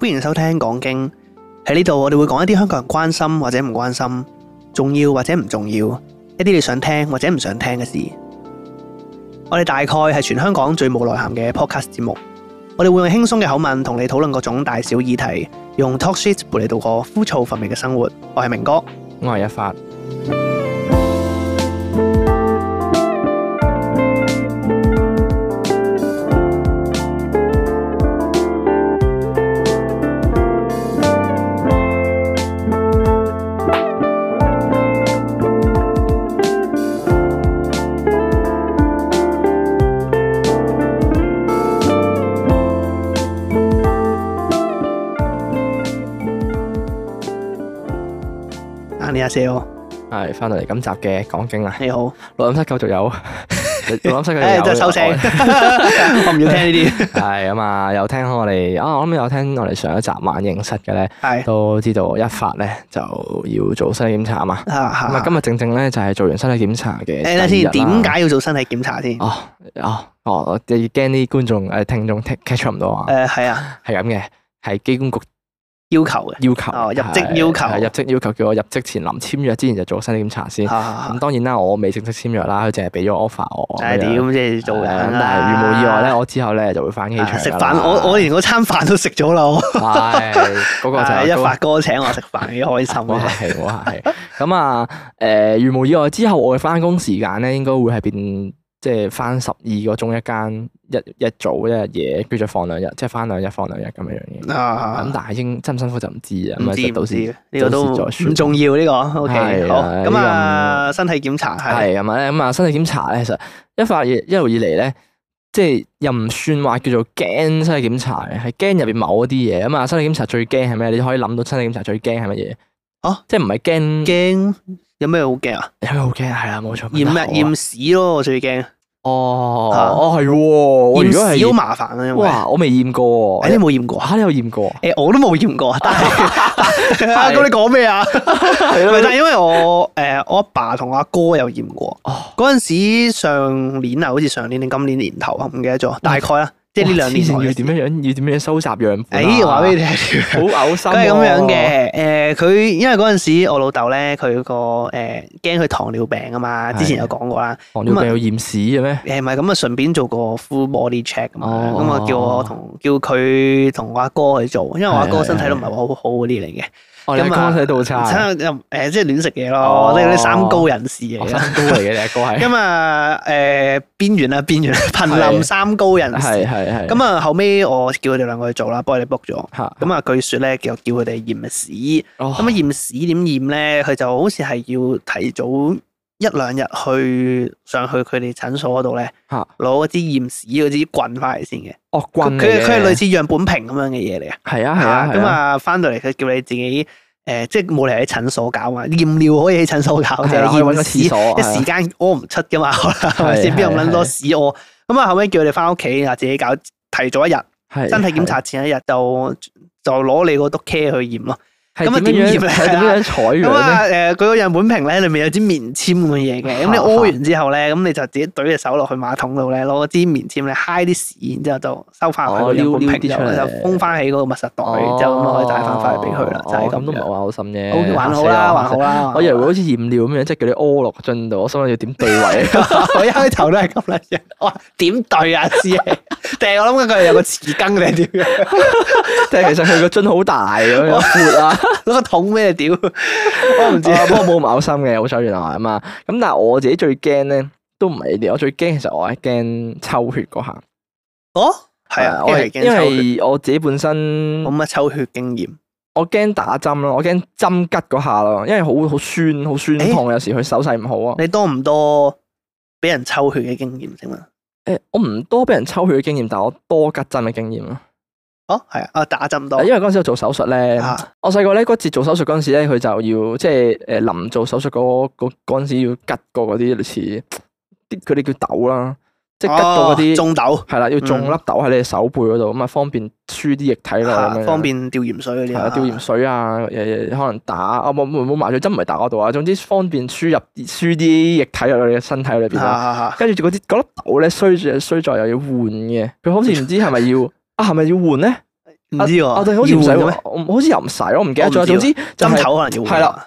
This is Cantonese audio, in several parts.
歡迎收聽講經喺呢度，我哋會講一啲香港人關心或者唔關心、重要或者唔重要、一啲你想聽或者唔想聽嘅事。我哋大概係全香港最冇內涵嘅 podcast 節目。我哋會用輕鬆嘅口吻同你討論各種大小議題，用 talk shit 陪你度過枯燥乏味嘅生活。我係明哥，我係一發。少係翻到嚟今集嘅講經啊！你好，錄音室繼續有，錄音室嘅有，收聲，我唔要聽呢啲係啊嘛，有聽我哋啊，我諗有聽我哋上一集晚影室嘅咧，係都知道一發咧就要做身體檢查啊嘛，係咪今日正正咧就係做完身體檢查嘅？嚟先，點解要做身體檢查先？哦哦哦，我驚啲觀眾誒聽眾 catch 唔到啊？誒，係啊，係咁嘅，喺機關局。要求嘅要求，入職要求，入職要求叫我入職前臨簽約之前就做身體檢查先。咁當然啦，我未正式簽約啦，佢淨係俾咗 offer 我。就係點即係做嘅。咁但係，如無意外咧，我之後咧就會翻機場。食飯，我我連嗰餐飯都食咗啦。係，嗰個就係一發哥請我食飯，幾開心啊！我係我係。咁啊，誒，如無意外之後，我嘅翻工時間咧，應該會係變。即係翻十二個鐘一間，一一早一日嘢，叫做放兩日，即係翻兩日放兩日咁樣樣咁但係應真唔辛苦就唔知啊。唔係導師，呢個都唔重要呢個。O K，好咁啊，身體檢查係啊嘛。咁啊，身體檢查咧，其實一發一一路以嚟咧，即係又唔算話叫做驚身體檢查嘅，係驚入邊某一啲嘢咁啊身體檢查最驚係咩？你可以諗到身體檢查最驚係乜嘢哦，即係唔係驚驚有咩好驚啊？有咩好驚係啦？冇錯，驗驗屎咯我最驚。哦，哦，係喎，驗屎好麻煩啊，因為我未驗 過，哎你冇驗過，吓，你有驗過，誒我都冇驗過，哥，你講咩啊？唔係，但係因為我誒我阿爸同阿哥有驗過，嗰陣時上年啊，好似上年定今年年頭啊，唔記得咗，大概啦。嗯呢之前要點樣樣，要點樣，樣收集樣本，啊？哎，話俾你聽，好嘔心啊！即係咁樣嘅，誒，佢因為嗰陣時我老豆咧，佢、嗰個誒驚佢糖尿病啊嘛，之前有講過啦。糖尿病有驗屎嘅咩？誒，唔係咁啊，順便做個 full body check 咁樣，咁啊、哦嗯、叫我同叫佢同我阿哥去做，因為我阿哥身體都唔係話好好嗰啲嚟嘅。的我、哦、天你肝腎都差，誒、嗯、即係亂食嘢咯，啲嗰啲三高人士嚟嘅，哦，三高嚟嘅啫，高係。 咁啊誒邊緣啦，邊緣瀕臨三高人士，係係。咁啊後尾我叫佢哋兩個去做啦，幫你 book 咗。吓咁啊，據說咧又叫佢哋驗屎，咁啊驗屎點驗咧，佢就好似係要提早。一兩日去上去佢哋診所嗰度咧，攞支驗屎嗰支棍翻嚟先嘅。哦，棍佢佢係類似樣本瓶咁樣嘅嘢嚟啊。係啊，係啊。咁啊，翻到嚟佢叫你自己誒，即係冇理喺診所搞啊。驗尿可以喺診所搞嘅，可以揾個廁所。一時間屙唔出噶嘛，係咪先邊有咁撚多屎屙？咁啊，後尾叫你翻屋企啊，自己搞提早一日，身體檢查前一日就就攞你嗰督茄去驗咯。咁啊點樣？點樣採樣咧？咁啊，誒、呃，佢個樣本瓶咧，裏面有支棉簽咁嘅嘢嘅，咁 你屙完之後咧，咁你就自己懟隻手落去馬桶度咧，攞支棉簽咧揩啲屎，然後、哦、之後就收翻去樣本瓶嚟，就封翻起嗰個密實袋，之後就咁可以帶翻翻去俾佢啦。哦、就係咁，哦哦、都唔係話好嘔心啫，還好啦，還好啦。四我以為會好似驗尿咁樣，即係叫你屙落個樽度，我心諗要點對位。 我一開頭都係咁諗嘅，我話點對啊？師兄？定係我諗緊佢係有個匙羹定係點樣？即係其實佢 沒了 個樽好大咁樣，闊啊，嗰個桶咩屌？我唔知。我冇冇冇心嘅，好彩原來係啊嘛。咁但係我自己最驚咧，都唔係呢啲。我最驚其實我係驚抽血嗰下。哦，係、嗯、啊，我係驚抽血。因為我自己本身冇乜抽血經驗，我驚打針咯，我驚針吉嗰下咯，因為好好酸好酸痛，有時佢手勢唔好啊、欸。你多唔多俾人抽血嘅經驗，誒、欸，我唔多畀人抽血嘅經驗，但我多拮針嘅經驗咯。哦，係啊，我打針多，因為嗰時我做手術咧。啊、我細個咧嗰次做手術嗰陣時咧，佢就要即係誒，臨做手術嗰嗰陣時要拮過嗰啲類似啲，佢哋叫豆啦。即係吉到嗰啲，中豆係啦，要中粒豆喺你嘅手背嗰度，咁啊方便輸啲液體咯，咁方便吊鹽水嗰啲，吊鹽水啊，可能打啊冇冇麻醉，針唔係打嗰度啊，總之方便輸入輸啲液體入去你嘅身體裏邊，跟住嗰啲粒豆咧衰衰在又要換嘅，佢好似唔知係咪要啊係咪要換咧？唔知喎，啊好似唔使好似又唔使，我唔記得咗，總之針頭可能要換係啦。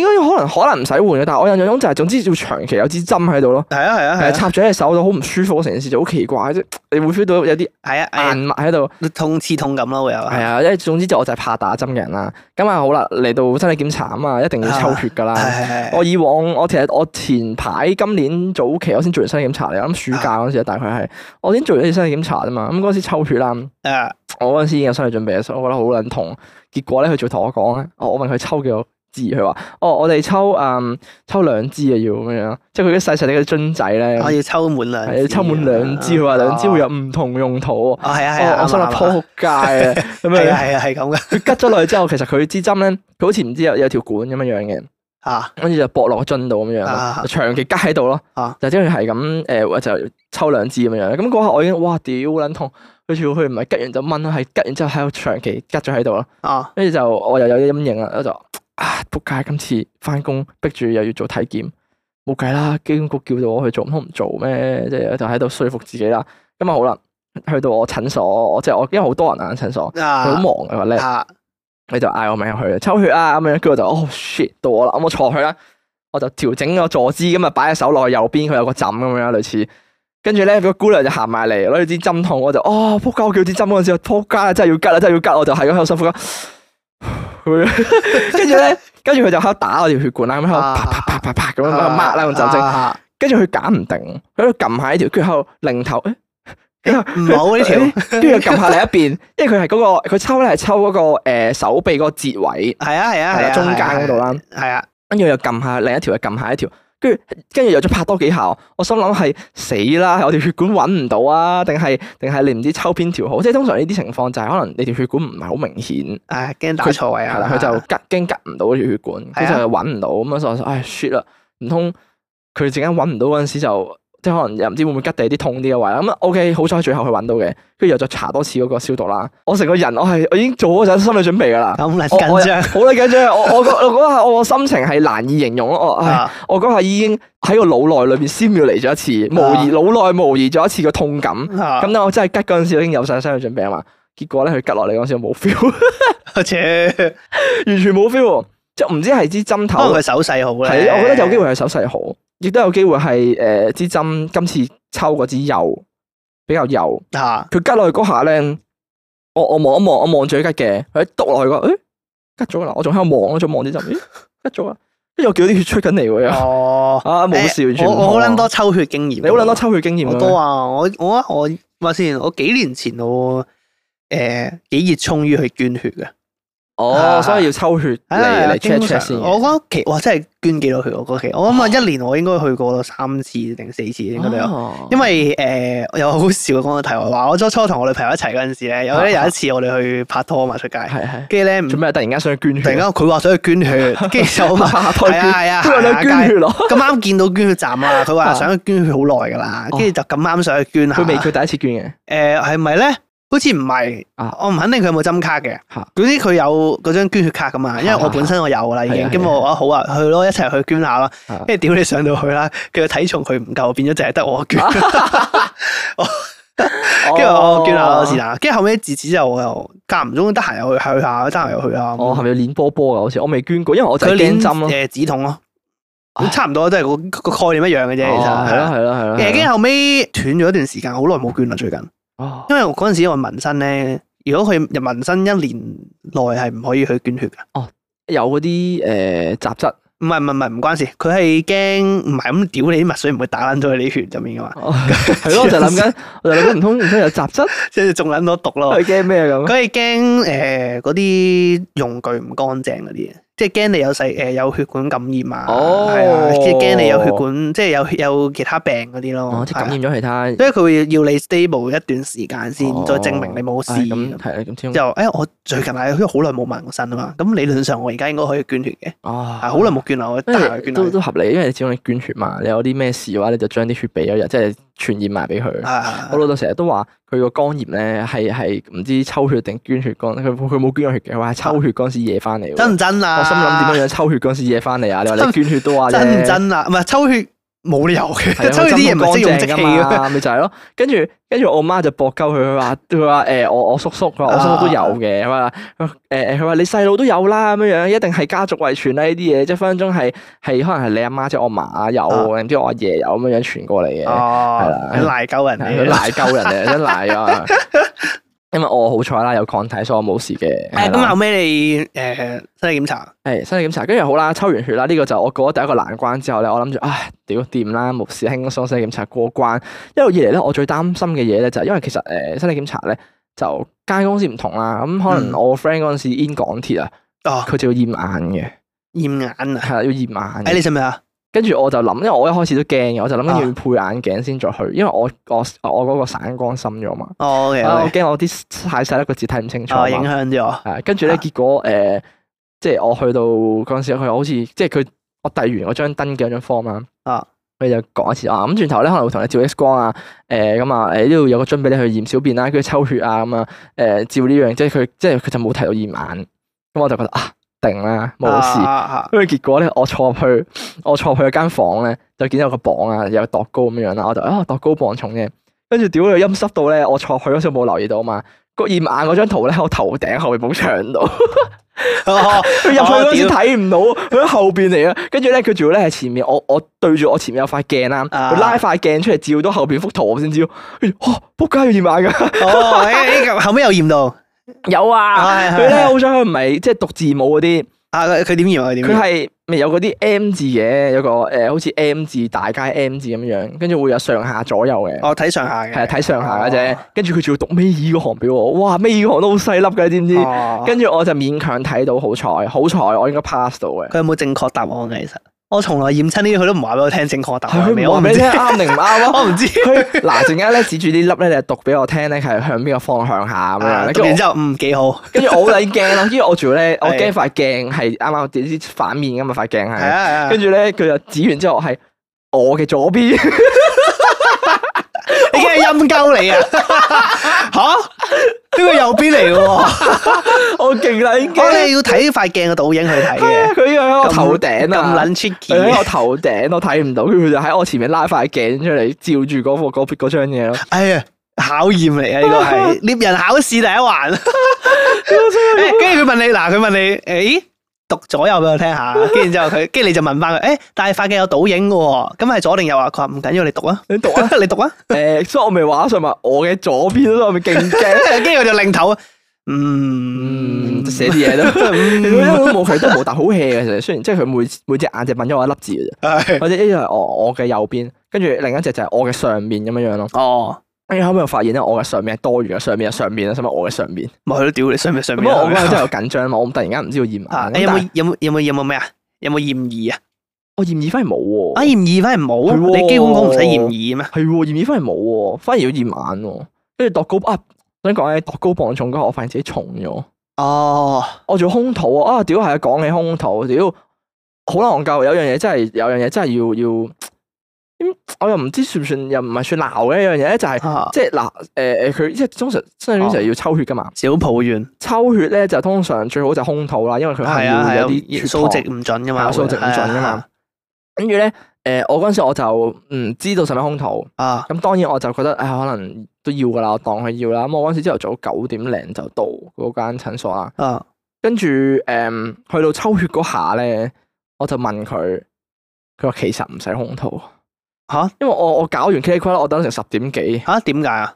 應該可能可能唔使換嘅，但係我印象中就係總之要長期有支針喺度咯。係啊係啊係。啊插咗喺隻手度好唔舒服，成件事就好奇怪啫。你會 feel 到有啲係啊硬喺度痛刺痛咁咯會係啊，因為、啊啊、總之就我就係怕打針嘅人啦。咁啊好啦，嚟到身體檢查啊嘛，一定要抽血㗎啦。啊啊、我以往我其實我前排今年早期我先做完身體檢查嚟，咁暑假嗰陣時大概係、啊、我已經做完身體檢查啫嘛。咁嗰陣時抽血啦，啊、我嗰陣時已經有心理準備，所以我覺得好撚痛。結果咧佢仲同我講咧，我問佢抽幾多？佢話哦，我哋抽嗯抽兩支啊，要咁樣，即係佢啲細細啲嘅樽仔咧，我要抽滿兩，要抽滿兩支，佢話兩支會有唔同用途，係啊係我想話撲街啊，咁樣係啊係咁嘅，佢吉咗落去之後，其實佢支針咧，佢好似唔知有有條管咁樣樣嘅，吓，跟住就駁落個樽度咁樣，長期吉喺度咯，就即係係咁誒，就抽兩支咁樣，咁嗰刻我已經哇屌撚痛，好似佢唔係吉完就掹喺，吉完之後喺度長期吉咗喺度咯，跟住就我又有啲陰影啦，就。啊！仆街，今次翻工逼住又要做體檢，冇計啦！機關局叫到我去做，唔通唔做咩？即係就喺度說服自己啦。咁日好啦，去到我診所，即係我因為好多人啊，診所好、啊、忙嘅話咧，你、啊、就嗌我名去抽血啊咁樣。跟住我就哦 shit 到我啦，我坐落去啦。我就調整個坐姿，咁啊擺喺手落去右邊，佢有個枕咁樣類似。跟住咧，個姑娘就行埋嚟攞住支針筒，我就哦仆街，我叫支針嗰陣時，仆街真係要吉啦，真係要吉，我就係咁喺度辛苦。佢跟住咧，跟住佢就喺度打我條血管啦，咁喺度啪啪啪啪啪咁樣抹啦，咁就正。跟住佢揀唔定，喺度撳下一條，佢住后零頭誒，唔好呢條，跟住撳下另一邊，因為佢係嗰個，佢抽咧係抽嗰個誒手臂嗰個節位，係啊係啊，係啊，中間嗰度啦，係啊，跟住又撳下另一條，又撳下一條。跟住，跟住又再拍多幾下，我心諗係死啦！我條血管揾唔到啊，定係定係你唔知抽邊條好？即係通常呢啲情況就係可能你條血管唔係好明顯，係驚、哎、打錯位啊！係啦他，佢的就拮驚隔唔到條血管，跟住的就揾唔到咁樣，所以話唉 shit 啦！唔通佢陣間揾唔到嗰陣時就～即係可能又唔知會唔會吉地啲痛啲嘅位咁，O K，好彩最後佢揾到嘅，跟住又再查多次嗰個消毒啦。我成個人我係我已經做好晒心理準備噶啦，咁嚟緊張，好啦緊張。我 我我下我個心情係難以形容咯，我、啊、我嗰下已經喺個腦內裏邊 simulate 嚟咗一次，模擬腦內模擬咗一次個痛感。咁但、啊、我真係吉嗰陣時已經有晒心理準備啊嘛，結果咧佢吉落嚟嗰時我冇 feel，完全冇 feel，即係唔知係支針頭，佢手勢好我覺得有機會係手勢好。亦都有機會係誒支針今次抽嗰支油比較油，佢吉落去嗰下咧，我我望一望，我望住佢吉嘅，佢篤落去個，誒吉咗啦，我仲喺度望，我仲望啲針，咦吉咗啊，跟住、欸、我叫啲血出緊嚟喎，啊冇事，完全我好撚多抽血經驗，你好撚多抽血經驗，好多啊！我我我，話先，我幾年前我誒、呃、幾熱衷於去捐血嘅。哦，所以要抽血嚟嚟 check check 先。我覺得奇哇，真係捐幾多血我嗰期，我諗啊一年我應該去過三次定四次應該都有。因為誒有好笑嘅講，個題外話，我話我初初同我女朋友一齊嗰陣時咧，有咧有一次我哋去拍拖嘛出街，跟住咧做咩突然間想去捐血？突然間佢話想去捐血，跟住就啊拍拖，係啊係啊，都係想捐血咯。咁啱見到捐血站啊，佢話想去捐血好耐㗎喇，跟住就咁啱想去捐。佢未去第一次捐嘅。誒係咪咧？好似唔係，我唔肯定佢有冇針卡嘅，總之，佢有嗰張捐血卡噶嘛？因為我本身我有啦，已經咁我話好啊，去咯，一齊去捐下啦。跟住屌你上到去啦，佢個體重佢唔夠，變咗淨係得我捐。跟住我捐下，我試下。跟住後尾自此之後，我又間唔中得閒又去去下，得閒又去下。我係咪要練波波噶？好似我未捐過，因為我佢係練針咯，止痛咯，差唔多都係個概念一樣嘅啫。其實係咯係咯係咯。跟住後尾斷咗一段時間，好耐冇捐啦，最近。哦，因為我嗰陣時有紋身咧，如果佢入紋身一年內係唔可以去捐血噶。哦，有嗰啲誒雜質，唔係唔係唔關事，佢係驚唔係咁屌你啲墨水唔會打爛咗你啲血入面噶嘛。係咯，就諗緊，我就諗緊唔通唔通有雜質，即係仲諗到毒咯。佢驚咩咁？佢係驚誒嗰啲用具唔乾淨嗰啲啊。即係驚你有細誒有血管感染啊，係、oh. 啊，即係驚你有血管即係有有其他病嗰啲咯。哦，oh, 即係感染咗其他。因為佢會要你 stable 一段時間先，再證明你冇事。係咁、oh. 樣，係啊，咁之後誒，我最近係因為好耐冇問過身啊嘛，咁理論上我而家應該可以捐血嘅。哦、oh. 啊，係好耐冇捐啦，我真係都都合理，因為始終你捐血嘛，你有啲咩事嘅話，你就將啲血俾咗人，即係。傳染埋俾佢，啊、我老豆成日都話佢個肝炎咧係係唔知抽血定捐血肝，佢冇捐過血嘅，佢話係抽血嗰陣時惹翻嚟。真唔真啊？我心諗點樣抽血嗰陣時惹翻嚟啊？你話你捐血都話真唔真啊？唔係抽血。冇理由嘅， 抽啲嘢唔係用即棄噶嘛，咪就係咯。跟住跟住，我媽就搏鳩佢佢話，佢話誒我我叔叔，我叔叔都有嘅，係嘛、啊，誒佢話你細路都有啦，咁樣樣一定係家族遺傳啦呢啲嘢，即分分鐘係係可能係你阿媽即我媽有，唔知我阿爺有咁樣樣傳過嚟嘅。啊、的哦，賴鳩人，賴鳩人啊，真賴啊！ 因為我好彩啦，有抗體，所以我冇事嘅。咁、嗯、後尾你誒、呃，身體檢查？係身體檢查，跟住好啦，抽完血啦，呢、這個就我過咗第一個難關之後咧，我諗住唉，屌掂啦，冇事輕鬆身體檢查過關。一路以嚟咧，我最擔心嘅嘢咧，就係因為其實誒、呃，身體檢查咧就間公司唔同啦。咁可能我 friend 嗰陣時 in 港鐵啊，佢、嗯、就要驗眼嘅，驗、哦、眼啊，係要驗眼。誒，你識唔識啊？跟住我就諗，因為我一開始都驚嘅，我就諗跟住要配眼鏡先再去，因為我我我嗰個散光深咗嘛，啊、oh, okay. 我驚我啲太細一個字睇唔清楚啊，oh, 影響咗。係，跟住咧結果誒、呃，即係我去到嗰陣時，佢好似即係佢我遞完我張登嘅張 form、oh. 啊，佢就講一次啊，咁轉頭咧可能會同你照 X 光啊，誒咁啊，誒呢度有個樽俾你去驗小便啦，跟住抽血啊咁啊，誒、呃、照呢、這、樣、個，即係佢即係就冇睇到驗眼，咁我就覺得啊。定啦，冇沒事、啊。跟住結果咧，我坐去，我坐去嗰間房咧，就見到有個磅啊，有度高咁樣啦。我就啊，度高磅重嘅。跟住屌佢陰濕到咧，我坐去嗰時冇留意到啊嘛。個驗眼嗰張圖咧，喺我頭頂後面冇搶到， 到，入去嗰時睇唔到，佢喺後邊嚟啊。跟住咧，佢仲要咧喺前面，我我對住我前面有塊鏡啦，佢拉塊鏡出嚟照到後邊幅圖，我先知。哇，仆、啊、街要驗眼噶、啊啊，後尾又驗到、啊。啊。有啊，啊，佢咧好想去唔係，即係讀字母嗰啲。啊，佢佢點樣，佢佢係咪有嗰啲 M 字嘅？有個誒、呃，好似 M 字大楷 M 字咁樣，跟住會有上下左右嘅。哦，睇上下嘅。係啊，睇上下嘅啫。跟住佢仲要讀尾二嗰行表喎？哇，尾二嗰行都好細粒㗎，你知唔知？跟住、哦、我就勉強睇到，好彩，好彩，我應該 pass 到嘅。佢有冇正確答案嘅其實？我從來驗親呢啲，佢都唔話俾我聽正確答案係咪？我唔知啱定唔啱啊！我唔知。嗱，陣間咧指住啲粒咧，你就讀俾我聽咧，係向邊個方向下咁樣。跟住然之後，樣後嗯，幾好。跟住我好鬼驚咯，跟住， 我住咧，我驚塊鏡係啱啱點知反面噶嘛？塊鏡係。跟住咧，佢就、啊、指完之後係我嘅左邊。 你驚係陰溝嚟啊？吓？呢個右邊嚟嘅，我勁啦！我哋要睇塊鏡嘅倒影去睇啊！佢喺我頭頂啊，咁撚 cheeky！喺我頭頂，都睇唔到，佢就喺我前面拉塊鏡出嚟，照住嗰個嗰嗰張嘢咯。哎呀，考驗嚟啊，呢個係獵人考試第一環。誒，跟住佢問你，嗱，佢問你，誒？讀左右俾我聽下，跟住之後佢，跟住你就問翻佢，誒、欸，但係法鏡有倒影嘅，咁係左定右啊？佢話唔緊要，你讀，你讀啊。你讀啊，你讀啊。誒，所以我咪話上嘛，我嘅左邊咯，咪勁驚。跟住我就擰頭，嗯，寫啲嘢咯。冇佢都冇，但、嗯、 好 hea 嘅其實。雖然即係佢每每隻眼只問咗我一粒字嘅啫。或者一樣係我我嘅右邊，跟住另一隻就係我嘅上面咁樣樣咯。哦。你後尾又發現咧，我嘅上面係多餘嘅上面啊，上面啊，使咪我嘅上面？唔係，佢 屌你上面。上面？我嗰陣真係好緊張啊，我， 我突然間唔知道驗眼。啊，是啊，有冇有冇有冇驗、哦、啊？嫌疑有冇驗耳啊？我驗耳反而冇喎。啊，驗耳反而冇。你基本功唔使驗耳咩？係喎、哦，驗耳反而冇喎，反而要驗眼。跟住度高啊！想講咧，度高磅重嗰下，我發現自己重咗。哦、啊，我做空肚啊！啊，屌係啊，講起空肚，屌好難教。有樣嘢真係，有樣嘢真係要要。要咁我又唔知是是算唔算，又唔係算鬧嘅一樣嘢咧，就係、是啊、即係嗱，誒、呃、誒，佢即係通常身上邊成日要抽血噶嘛，少、哦、抱怨。抽血咧就通常最好就空肚啦，因為佢係要有啲數值唔準噶嘛，數值唔準噶嘛。跟住咧，誒、啊呃，我嗰陣時我就唔知道使唔使空肚啊。咁當然我就覺得，誒，可能都要噶啦，我當佢要啦。咁我嗰陣時朝頭早九點零就到嗰間診所啦。啊，跟住誒、嗯，去到抽血嗰下咧，我就問佢，佢話其實唔使空肚。吓，因為我我搞完 check blood 我等成十點幾。吓，點解啊？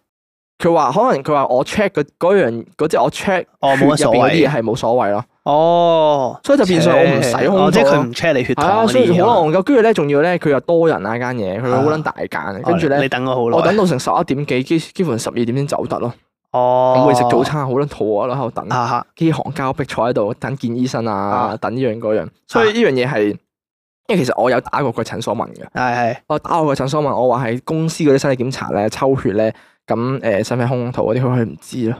佢話可能佢話我 check 嗰嗰樣嗰啲，我 check 入邊啲嘢係冇所謂咯。哦，所以就變相我唔使，即係佢唔 check 你血糖呢樣嘢。好狼狗，跟住咧，仲要咧，佢又多人啊，間嘢，佢好卵大間，跟住咧，你等我好耐，我等到成十一點幾，基幾乎十二點先走得咯。哦，我未食早餐，好卵肚餓啦，喺度等，吓吓，飢寒交迫坐喺度等見醫生啊，等呢樣嗰樣，所以呢樣嘢係。因為其實我有打過個診所問嘅，是是我打過個診所問，我話喺公司嗰啲身體檢查咧，抽血咧，咁、呃、誒，身分空肚嗰啲，佢唔知咯。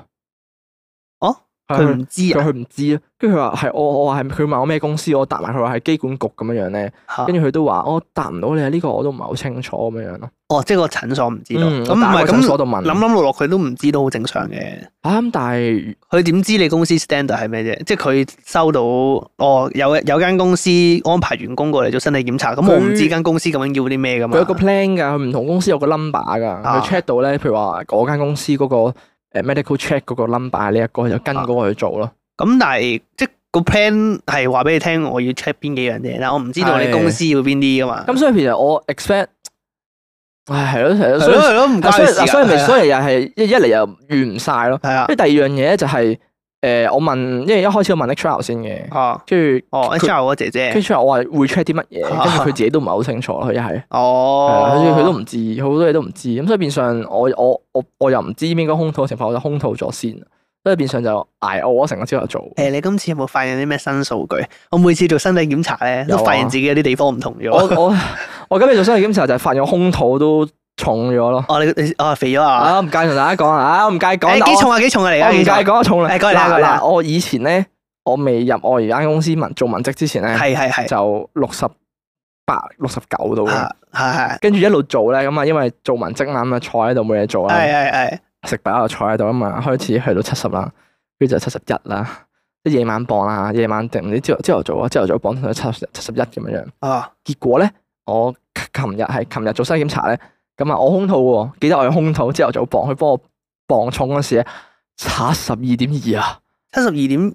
佢唔知，啊，佢唔知啊。跟住佢話係我，我話係佢問我咩公司，我答埋佢話係機管局咁樣樣咧。跟住佢都話，我答唔到你啊，呢個我都唔係好清楚咁樣樣咯。哦，這個、哦即係個診所唔知道，咁唔係，咁諗諗落落，佢都唔知都好正常嘅。啱、嗯，但係佢點知你公司 standard 係咩啫？即係佢收到，哦有有間公司安排員工過嚟做身體檢查，咁他我唔知間公司究竟要啲咩噶嘛。佢有個 plan 噶，佢唔同公司有個 number 噶，佢 check、啊、到咧，譬如話嗰間公司嗰、那個。medical check 嗰個 number 呢、這、一個就跟嗰個去做咯。咁、啊、但係即係、個 plan 係話俾你聽，我要 check 邊幾樣嘢，但我唔知道你公司要邊啲噶嘛。咁的所以其實我 expect，唉係咯係咯，所以所以所以又係的一嚟又完唔曬咯。係啊的，即第二樣嘢就係、是。誒，我問，因為一開始我問阿 Charles 先嘅，啊，跟住，哦 Charles 我姐姐，跟住 Charles 我話會 check 啲乜嘢，跟住佢自己都唔係好清楚，佢又係，哦，佢都唔知，好多嘢都唔知，咁所以變相，我我我我又唔知邊個空肚嘅情況，我就空肚咗先，所以變相就挨我成個朝頭早。誒，你今次有冇發現啲咩新數據？我每次做身體檢查咧，都發現自己有啲地方唔同咗。我我今日做身體檢查就係發現空肚都。重咗咯！哦，你你哦肥咗啊！唔介意同大家講啊，唔介意講。幾重啊？幾重啊？嚟啊！唔介意講重啦。嗱我以前咧，我未入我而家公司文做文職之前咧，係係係，就六十八、六十九度嘅，係係。跟住一路做咧，咁啊，因為做文職啊嘛，坐喺度冇嘢做啦，係係食飽就坐喺度啊嘛，開始去到七十啦，跟住就七十一啦，啲夜晚磅啦，夜晚定，你朝朝頭早磅啊，朝頭早磅，就七七十一咁樣樣啊。結果咧，我琴日係琴日做身體檢查咧。咁啊，我空肚喎，記得我係空肚，之後就磅，佢幫我磅重嗰時啊，差十二點二啊，七十二點，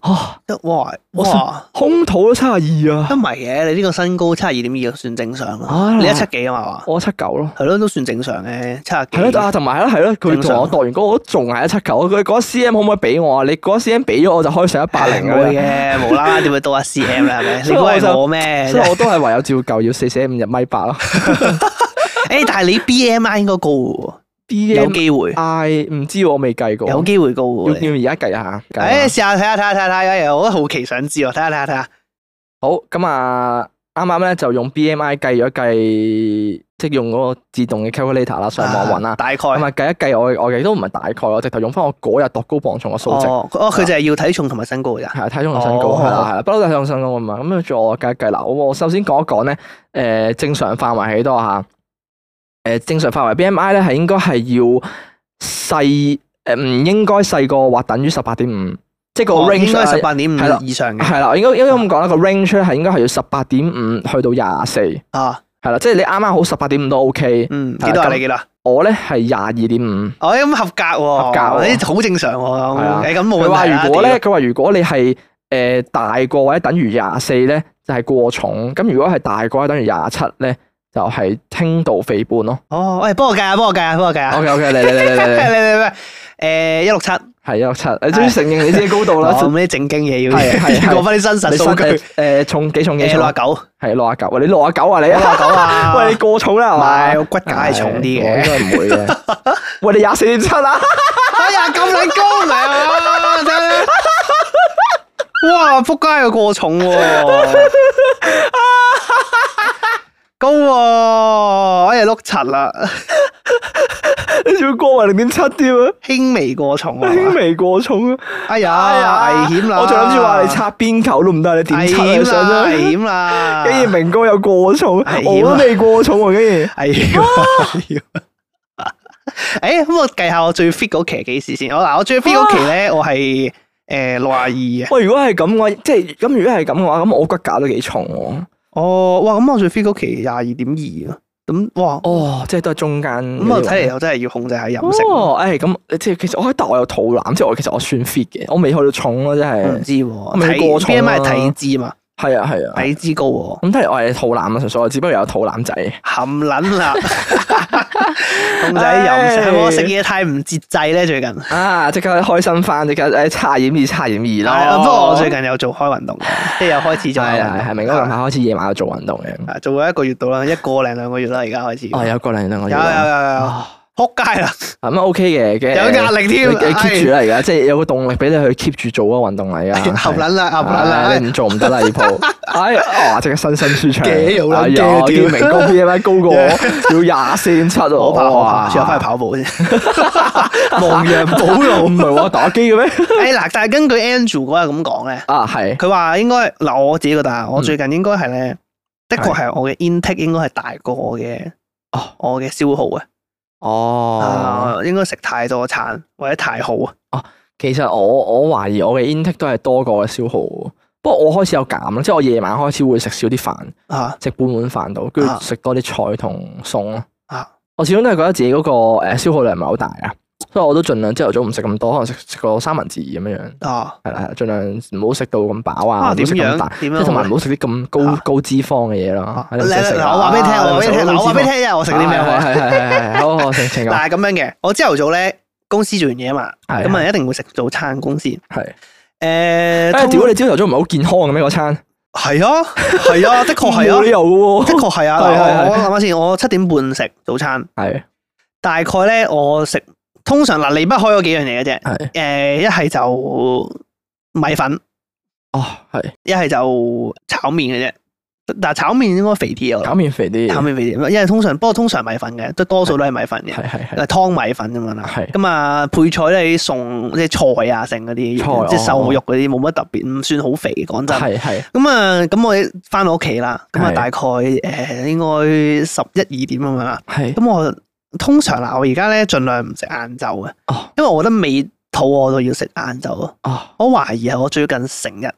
哇，哇，空肚都七十二啊，都唔係嘅，你呢個身高七十二點二算正常啊。你一七幾啊嘛，我一七九咯，係咯，都算正常嘅，七十幾，係咯，同埋係咯，係咯，佢同我度完高，我都仲係一七九，佢嗰個 C M 可唔可以俾我啊？你嗰個 C M 俾咗我就可以成一八零咁樣嘅，冇啦，點會多一 C M 咧，係咪？你估我咩？所以我都係唯有照舊要四四 M 入米八咯。誒，但係你 BMI 應該高喎，BMI 有機會。哎唔、哎、知，我未計過。有機會高嘅。你要唔要而家計下？誒，試下睇下睇下睇下睇下，哎嘗嘗啊看看啊，我都好奇想知道，睇下睇下睇下。看看啊，好，咁、嗯、啊，啱啱咧就用 BMI 計咗計，即係用嗰個自動嘅 calculator 啦，上網搵啦、啊。大概。咁啊計一計，我我亦都唔係大概，我直頭用翻我嗰日度高磅重嘅數值哦。哦。佢就係要體重同埋身高咋？係啊，體重同身高係啦，不嬲都係體重身高咁啊。咁啊，再計一計啦。我我首先講一講咧，誒、呃，正常範圍係幾多吓？誒，正常範圍 B M I 咧係應該係要細誒，唔應該細過或等於十八點五，即個 range 應該係十八點五以上嘅，係啦了，嗯、應該應該咁講啦。啊、個 range 咧係應該係要十八點五去到廿四，啊，啊，係啦，即係你啱啱好十八點五都 O K，嗯，幾多啊？你點啊？我咧係廿二點五，哦，咁合格喎，好正常喎，啊，係咁冇問題啊，話如果咧，佢話如果你係誒大過或者等於廿四咧，就係過重，咁如果係大過或者等於廿七咧。就係輕度肥胖咯。哦，喂，幫我計下，幫我計下，幫我計下。OK OK，嚟嚟嚟嚟嚟嚟嚟嚟。誒，一六七係一六七，你終於承認你自己高度啦。做咩正經嘢要講翻啲真實數據。誒，重幾重嘢？六啊九係六啊九。你六啊九啊？你六啊九啊？喂，你過重啦係嘛？係，骨架係重啲嘅。應該唔會嘅。喂，你廿四點七啊？哎呀，咁高咩？哇，撲街又過重喎！高啊，哎呀，碌柒啦，你仲要過埋零點七點啊？輕微過重啊，輕微過重啊！哎呀，危險啦！我就諗住話你擦邊球都唔得，你點擦啊？危險啦，危險啦！竟然明哥又過重，我都未過重啊！竟然，哎呀，哎呀！誒，咁我計下我最 fit 嗰期係幾時先？好嗱，我最 fit 嗰期咧，我係誒六廿二啊。喂，如果係咁嘅話，即係咁，如果係咁嘅話，咁我骨架都幾重喎。哦，喔 2, 嗯、哇！咁我最 fit 嗰期廿二點二啊，咁哇，哦，即係都係中間。咁我睇嚟我真係要控制下飲食、喔。誒、哎，咁即係其實我覺得我有肚腩，即係我其實我算 fit 嘅，我未去到重咯，真係。唔知、啊，唔係過重，BMI 係體脂嘛。係啊係啊，矮子高喎。咁睇嚟我係肚腩啊，純屬，只不過有肚腩仔。含撚了啦，咁 仔又唔食，我食嘢太唔節制咧，最近。啊，即刻開心翻，即刻誒，差染二，差染二咯。不過、嗯、我最近有做開運動嘅，即係又開始做運動。係係咪明哥又開始夜晚有做運動嘅、嗯。做咗一個月到啦，一個零兩個月啦，而家開始。啊，有個零兩個月有。有有有。有有撲街啦，咁啊 OK 嘅，有壓力添，keep 你住啦而家，即係有個動力俾你去 keep 住做啊運動嚟啊，后捻啦，后捻啦，你唔做唔得啦呢鋪，哎呀，哇，真係身心舒暢，哎呀，吊明哥 BMI 高過我，要廿四點七哦，可怕可怕，先翻去跑步先，亡羊補漏，唔係話打機嘅咩？誒嗱，但係根據 Angel 嗰日咁講咧，啊係，佢話應該嗱，我自己覺得，係我最近應該係咧，的確係我嘅 intake 應該係大過我嘅，哦，我嘅消耗啊。哦，oh, 應該食太多餐或者太好啊。哦，其實我我懷疑我嘅 intake 都係多過嘅消耗。不過我開始有減啦，即、就、係、是、我夜晚開始會食少啲飯啊，食、uh, 半碗飯度，跟住食多啲菜同餸咯。啊，uh, 我始終都係覺得自己嗰個誒消耗量唔係好大啊。所以我都儘量朝頭早唔食咁多，可能食食個三文治咁樣樣。哦，係啦，係，儘量唔好食到咁飽啊，唔好食咁大，即係同埋唔好食啲咁高高脂肪嘅嘢咯。嗱，我話俾你聽，我話俾你聽，我話俾你聽，我食啲咩？係係係，好，我食食。但係咁樣嘅，我朝頭早咧公司做完嘢啊嘛，咁咪一定會食早餐。公司係。誒，即係如果你朝頭早唔係好健康嘅咩？嗰餐係啊，係啊，的確係啊，冇理由嘅喎。的確係啊，我諗下先，我七點半食早餐，係大概咧，我食。通常嗱，離不開嗰幾樣嚟嘅啫。誒，一係就米粉，哦係，一係就炒麵嘅啫。嗱，炒麵應該肥啲。炒麵肥啲，炒麵肥。因為通常，不過通常米粉嘅，都多數都係米粉嘅，係係係。湯米粉咁樣啦。係。咁啊，配菜咧，送即係菜啊，剩嗰啲，即係瘦肉嗰啲，冇乜特別，唔算好肥。講真，係係。咁啊，咁我返到屋企啦，咁啊，大概誒，應該十一二點咁樣啦。係。咁我。通常啦，我而家咧盡量唔食晏晝嘅，因為我覺得未肚餓都要食晏晝咯。我懷疑啊，我最近成日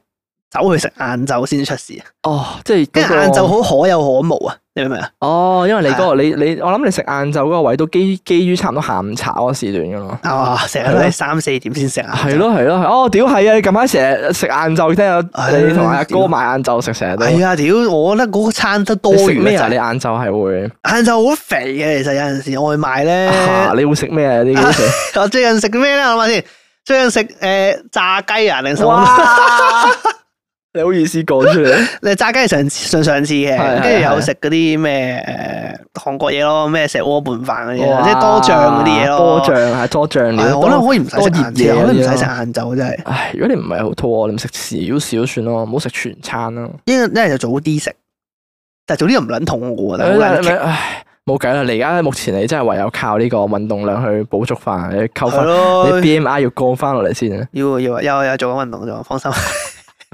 走去食晏晝先出事啊。哦，即係、那個，即係晏晝好可有可無啊。你明唔明啊？哦，因為你嗰個你你，我諗你食晏晝嗰個位都基基於差唔多下午茶嗰時段噶咯。哦，成日都三四點先食啊。係咯係咯，哦，屌係啊！你近排成日食晏晝，聽你同阿哥買晏晝食成日都。係啊，屌！我覺得嗰餐得多餘。你食咩啊？你晏晝係會？晏晝好肥嘅，其實有陣時外賣咧。你會食咩啊？啲最近食咩咧？我諗下先，最近食誒炸雞啊，你。你好意思講出嚟？你炸雞係上上上次嘅，跟住有食嗰啲咩誒韓國嘢咯，咩石鍋拌飯嗰啲，即係多醬嗰啲嘢咯。多醬係多醬料，係啊，可可以唔使食鹹嘢，唔使食晏晝，真係。唉，如果你唔係好肚餓，你食少少算咯，唔好食全餐啦。一日一日就早啲食，但係早啲又唔撚痛我。得係唉，冇計啦！你而家目前你真係唯有靠呢個運動量去補足翻，去扣翻。你 B M I 要降翻落嚟先啊！要要又又做緊運動就放心。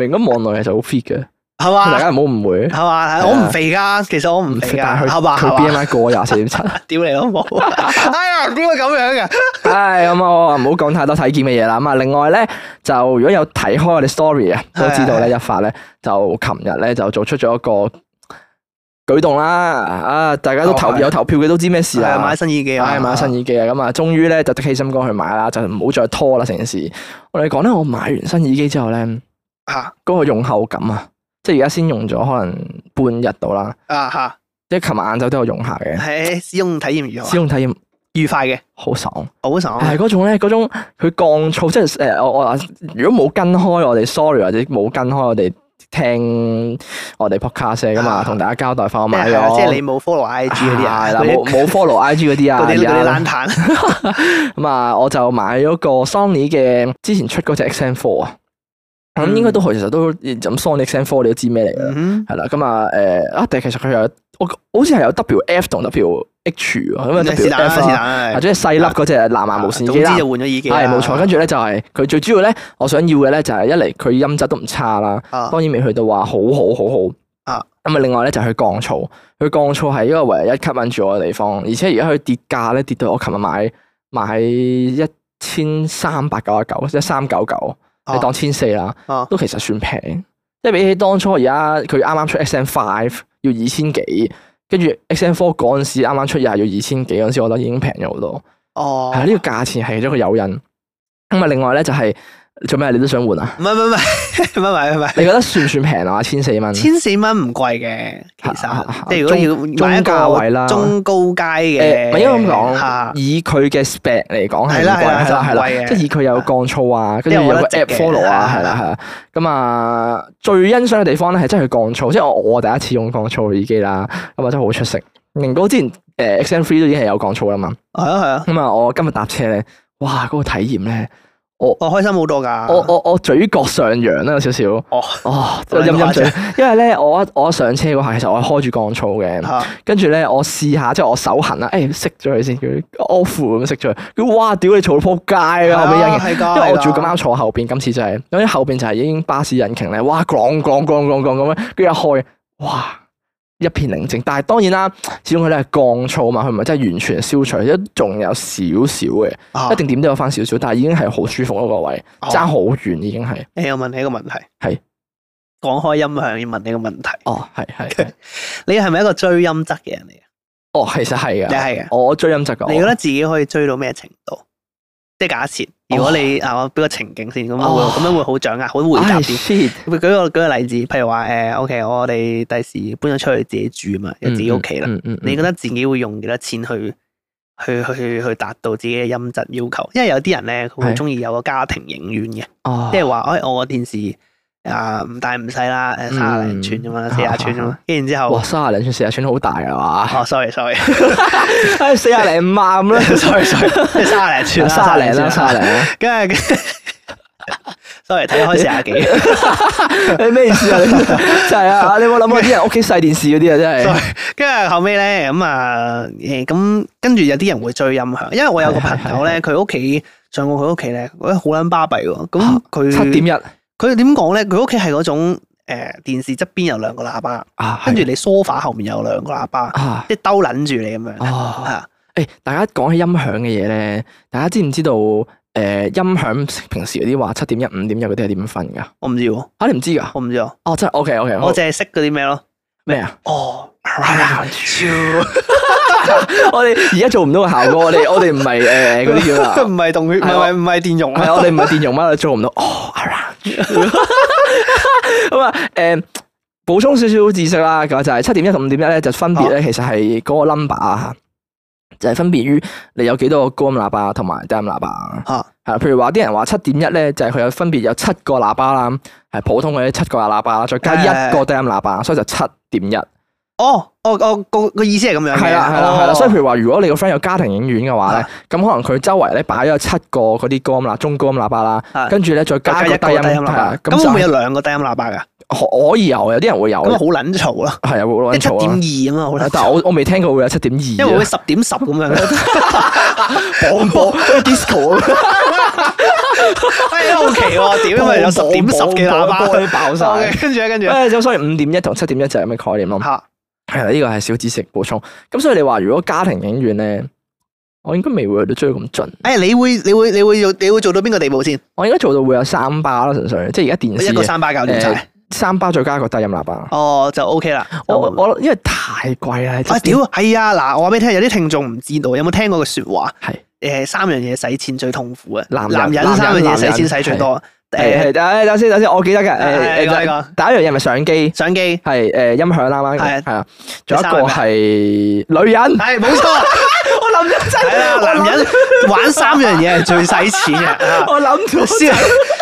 明咁望落嚟就好 fit 嘅，係嘛？大家唔好誤會，係嘛？我唔肥噶，其實我唔肥噶。佢 B M I 過廿四點七，屌你老母！哎呀，點解咁樣嘅。係咁啊，我唔好講太多體檢嘅嘢啦。咁啊，另外咧，就如果有睇開我哋 story 啊，都知道咧一發咧，就琴日咧就做出咗一個舉動啦。啊，大家都投有投票嘅都知咩事啦。買新耳機啊，買新耳機啊。咁啊，終於咧就起心肝去買啦，就唔好再拖啦。成件事我哋講咧，我買完新耳機之後咧。吓，嗰個用後感啊，即係而家先用咗可能半日到啦。啊吓，即係琴日晏晝都有用下嘅。係，使用體驗如何？使用體驗愉快嘅，好爽，好爽。係嗰種咧，嗰種佢降噪，即係誒，我我如果冇跟開我哋，sorry，或者冇跟開我哋聽我哋 podcast 嘅嘛，同大家交代翻我買咗。即係你冇 follow IG 嗰啲人，冇冇 follow IG 嗰啲啊，嗰啲嗰啲爛蛋。咁啊，我就買咗個 Sony 嘅，之前出嗰隻 XM4 啊。咁、嗯、應該都可以，其實都咁 Sony XM4 你都知咩嚟嘅。係啦、嗯哼，咁啊，誒，啊，但係其實佢有，好似係有 WF 同 WH 咁樣、嗯，無線啦，細粒嗰隻藍牙無線耳機，總之就換咗耳機，係冇錯。跟住咧就係、是、佢最主要咧，我想要嘅咧就係一嚟佢音質都唔差啦，啊、當然未去到話好好好好，啊，咁啊，另外咧就係佢降噪，佢降噪係一個唯一吸引住我嘅地方，而且而家佢跌價咧跌到我琴日買買一千三百九十九，即係三九九。你當千四啦，都其實算平，哦、即係比起當初而家佢啱啱出 XM5 要二千幾，跟住 XM4 嗰陣時啱啱出又20係要二千幾嗰陣時，我覺得已經平咗好多。哦，係呢個價錢係其中一個誘因，咁啊另外咧就係、是。做咩？你都想換啊？唔係唔係唔係唔係唔係，你覺得算唔算平啊？千四蚊，千四蚊唔貴嘅，其實即係如果要買一個中高階嘅，唔係因為咁講，以佢嘅 spec 嚟講係貴，係貴嘅，即係以佢有降噪啊，跟住有個 app follow 啊，係啦係啦。咁啊，最欣賞嘅地方咧，係真係降噪，即係我我第一次用降噪耳機啦，咁啊真係好出色。寧高之前誒 XM3 都已經係有降噪啦嘛，係啊係啊。咁啊，我今日搭車咧，哇，嗰個體驗咧～我我開心好多噶、啊，我我我嘴角上揚啦，有少少哦，哦陰陰嘴笑，因為咧我我一上車嗰下，其實我係開住降噪嘅，跟住咧我試下即係我手痕啦，誒熄咗佢先，叫佢 off 咁熄咗佢，哇，屌你嘈到扑街啊，後邊嘅因為我仲咁啱坐後邊，今次就係、是，因為後邊就係已經巴士引擎咧，哇，降降降降降咁樣，跟住一開，哇！一片寧靜，但係當然啦，始終佢咧係降噪啊嘛，佢唔係真係完全消除，一仲有少少嘅，啊、一定點都有翻少少，但係已經係好舒服嗰個位，爭好、啊、遠已經係。誒、欸，我問你一個問題，係是講開音響要問你個問題。哦，係係， 你係咪一個追音質嘅人嚟嘅？哦，其實係嘅，係我追音質嘅。你覺得自己可以追到咩程度？即係假設，如果你、oh. 啊我俾個情景先，咁樣會，咁樣會好掌握，好回答啲。舉、oh. I 舉個舉個例子，譬如話誒，O K，我哋第時搬咗出去自己住嘛，有自己屋企啦。Mm hmm. 你覺得自己會用幾多錢去去去去達到自己嘅音質要求？因為有啲人咧，佢會中意有個家庭影院嘅，即係話，哎，我個電視。啊，唔大唔細啦，誒，三十零寸啫嘛，四十寸啫嘛，跟住之後，哇，三十零寸四十寸好大啊嘛！哦，sorry，sorry，誒， 四十零萬咁啦，sorry，sorry，三十零寸，三十零啦，三十零，跟住，sorry，睇開四十幾，你咩意思啊？就係啊，你冇諗過啲人屋企細電視嗰啲啊？真 係， 跟住後尾咧，咁啊，咁跟住有啲人會追音響，因為我有個朋友咧，佢屋企上過佢屋企咧，我覺得好捻巴閉喎，咁佢七點一。1 佢哋點講咧？佢屋企係嗰種誒，電視側邊有兩個喇叭，跟住你梳化 f 後面有兩個喇叭，即係兜捻住你咁樣。係啊，誒，大家講起音響嘅嘢咧，大家知唔知道誒，音響平時嗰啲話七點一五點一嗰啲係點分噶？我唔知喎，你唔知噶？我唔知哦。哦，真係 OK OK。我淨係識嗰啲咩咯？咩啊？哦，around you。我哋而家做唔到個效果。我哋我哋唔係誒啲叫啊，唔係同血，唔係唔係電容。我哋唔係電容，我哋做唔到。哦，around 咁、 嗯就是，啊，誒，補充少少知識啦，咁就係七點一同五點一咧，就分別咧其實係嗰個 number 啊，就係分別於你有幾多個高音喇叭同埋低音喇叭。吓係、啊，譬如話啲人話七點一咧，就係佢有分別有七個喇叭啦，係普通嘅七個喇叭，再加一個低音喇叭，啊，所以就七點一。哦，我我個個意思係咁樣嘅，係啦係啦係啦，所以譬如話如果你個 friend 有家庭影院嘅話咧，咁可能佢周圍咧擺咗有七個嗰啲高音啦，中音喇叭啦，跟住咧再加一低音喇叭，咁會唔會有兩個低音喇叭噶？可以有，有啲人會有。好撚嘈咯，係啊，會嘈七點二咁啊，好啦。嗱，我我未聽過會有七點二，因為會十點十咁樣，廣播 disco 哎呀，好奇喎，因啊，有十點十嘅喇叭都爆晒，跟住咧跟住。誒，所以五點一同七點一就係咩概念咯？係啦，呢個係小知識補充。咁所以你話如果家庭影院咧，我應該未會去到追咁盡。誒，你會你會你會做你會做到邊個地步先？我應該做到會有三巴啦，純粹即係而家電視一個三巴搞掂晒，誒，三巴再加一個低音喇叭。哦，就 OK 啦。我我因為太貴啦。屌係啊！嗱，我話俾你聽，有啲聽眾唔知道，有冇聽過個說話？係誒，三樣嘢使錢最痛苦嘅，男人三樣嘢使錢使最多。係係，等先等先，我記得噶。第一個，第一樣嘢係咪相機？相機係誒，音響啱啱嘅，係啊。仲有一個係女人。係冇錯，我諗咗一陣。男人玩三樣嘢係最使錢嘅。我諗住先，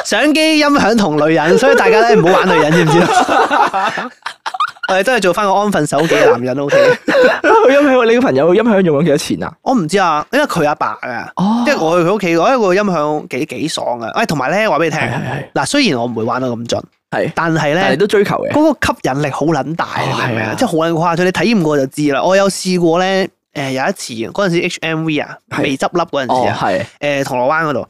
相機、音響同女人，所以大家咧唔好玩女人，知唔知？誒，真係做翻個安分守己嘅男人，O K。音響你嘅朋友音響用咗幾多錢啊？我唔知啊，因為佢阿爸啊，即係我去佢屋企，我一個音響幾幾爽啊！誒，同埋咧，話俾你聽，嗱，雖然我唔會玩到咁盡，係，但係咧，你都追求嘅。嗰個吸引力好撚大，係啊，即係好撚誇張。你體驗過就知啦。我有試過咧，誒，有一次嗰陣時 H M V 啊，未執笠嗰陣時啊，誒，銅鑼灣嗰度，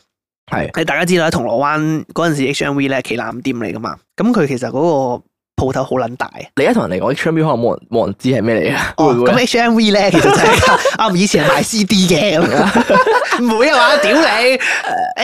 係。大家知道喺銅鑼灣嗰陣時 H M V 咧係旗艦店嚟噶嘛？咁佢其實嗰個。鋪頭好撚大，你一同人嚟講，HMV 可能冇人冇人知係咩嚟啊？咁 HMV 咧，其實就係啊，以前係賣 C D 嘅咁唔會啊嘛，屌你！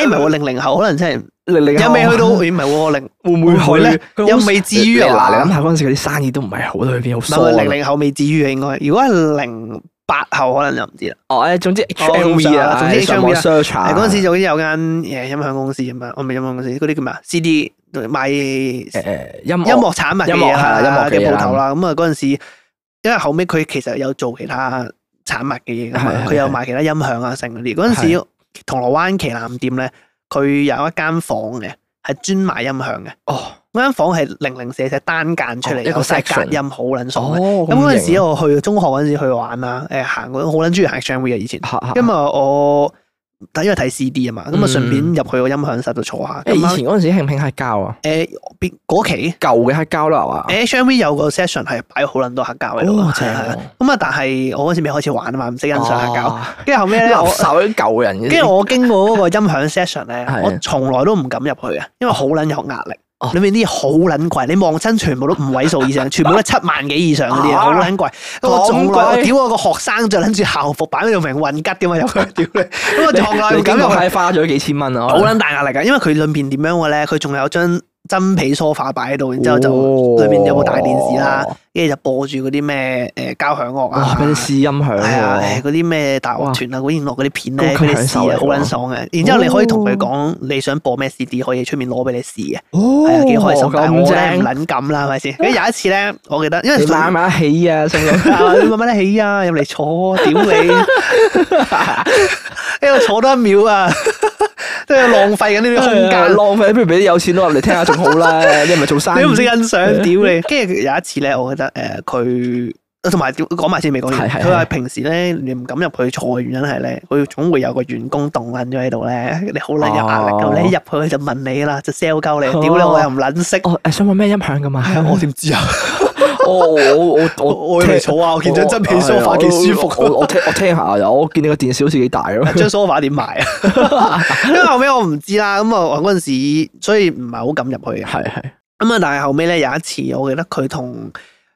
誒唔係喎，零零後可能真係零零又未去到，唔係喎零會唔會去咧？又未至於啊嗱，你諗下嗰陣時嗰啲生意都唔係好多，去邊有疏啊？零零後未至於啊，應該如果係零。八後可能就唔知啦。哦，總之 HMV 啦，總之 HMV。嗰陣時就好似有間誒音響公司咁樣，我唔係音響公司，嗰啲叫咩啊？C D 賣誒音音樂產物嘅嘢啦，音樂嘅鋪頭啦。咁啊，嗰陣時因為後尾佢其實有做其他產物嘅嘢，佢有賣其他音響啊，剩嗰啲。嗰陣時銅鑼灣旗艦店咧，佢有一間房嘅係專賣音響嘅。哦。間房係零零舍舍單間出嚟嘅，一個隔音好撚爽。咁嗰陣時我去中學嗰陣時去玩啦，誒行嗰好撚中意行 HMV 啊以前。因啊我，因為睇 CD 啊嘛，咁啊順便入去個音響室度坐下。以前嗰陣時興唔興黑膠啊？誒，嗰期舊嘅黑膠流啊？誒 HMV 有個 session 係擺好撚多黑膠流啊。咁啊但係我嗰陣時未開始玩啊嘛，唔識欣賞黑膠。跟住後尾咧我，嗱啲舊人。跟住我經過嗰個音響 session 咧，我從來都唔敢入去啊，因為好撚有壓力。裏面啲嘢好撚貴，你望親全部都五位數以上，全部都七萬幾以上嗰啲啊，好撚貴。我屌我個學生就諗住校服擺喺度，明運吉點啊入去屌 你，咁啊仲來，咁又係花咗幾千蚊啊，好撚大壓力噶，因為佢裏面點樣嘅咧，佢仲有張。真皮梳化擺喺度，然之後就裡面有部大電視啦，跟住就播住嗰啲咩誒交響樂啊，俾啲試音響，啊嗰啲咩大樂團啊，嗰啲落嗰啲片咧，佢哋試啊好撚爽嘅。然之後你可以同佢講你想播咩 CD，可以出面攞俾你試啊。係啊幾開心，帶我咧唔撚咁啦，係咪先？有一次咧，我記得因為，你下起啊，成日啊，你乜起啊，入嚟坐，屌你，因為坐多一秒啊！即係浪費緊呢啲空間、啊，浪費不如俾啲有錢佬入嚟聽下仲好啦。 你唔係做生意，你唔識欣賞，屌 你！跟住有一次咧，我覺得誒佢，同埋講埋先未講完。佢話是平時咧，是是是你唔敢入去坐嘅原因係咧，佢總會有個員工戙撚咗喺度咧，你好難有壓力。咁、哦、你一入去佢就問你啦，就 sell 鳩你，屌好你我又唔撚識。我想問咩音響㗎嘛？啊， 我點知啊？ 哦，我我 我我坐啊！我見張真皮梳化幾舒服，啊我。我我，我，我，我聽，我聽下啊，我見你個電視好似幾大咯。 張梳化點賣啊？因為後尾我唔知啦。咁啊，我嗰陣時所以唔係好敢入去。係係。咁啊，但係後尾咧有一次，我記得佢同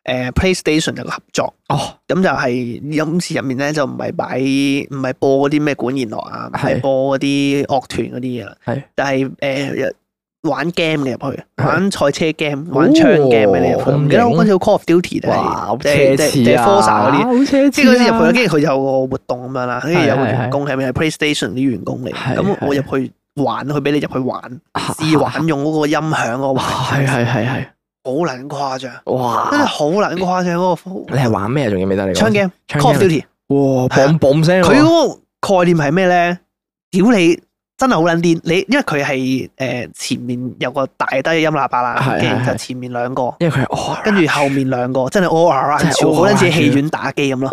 誒 PlayStation 有個合作哦。咁就係五次入面咧，就唔係擺唔係播嗰啲咩管弦樂啊，係播嗰啲樂團嗰啲嘢啦。係、呃，但係誒。玩 game 你入去，玩賽車 game，玩槍 game 你入去，我記得我嗰次 call of duty 即係即係即係 Forza 嗰啲，即係嗰啲入去，跟住佢有個活動咁樣啦，跟住有個員工係咪係 PlayStation 啲員工嚟？咁我入去玩，佢俾你入去玩試玩，用嗰個音響咯。係係係係，好難誇張，哇，真係好難誇張嗰個。你係玩咩仲要未得你？槍 game，call of duty，哇，boom boom 聲，佢嗰個概念係咩咧？屌你！真係好撚癲！你因為佢係誒前面有個大低音喇叭啦，跟住就前面兩個，因為佢係跟住後面兩個，真係嘈嘈好似戲院打機咁咯。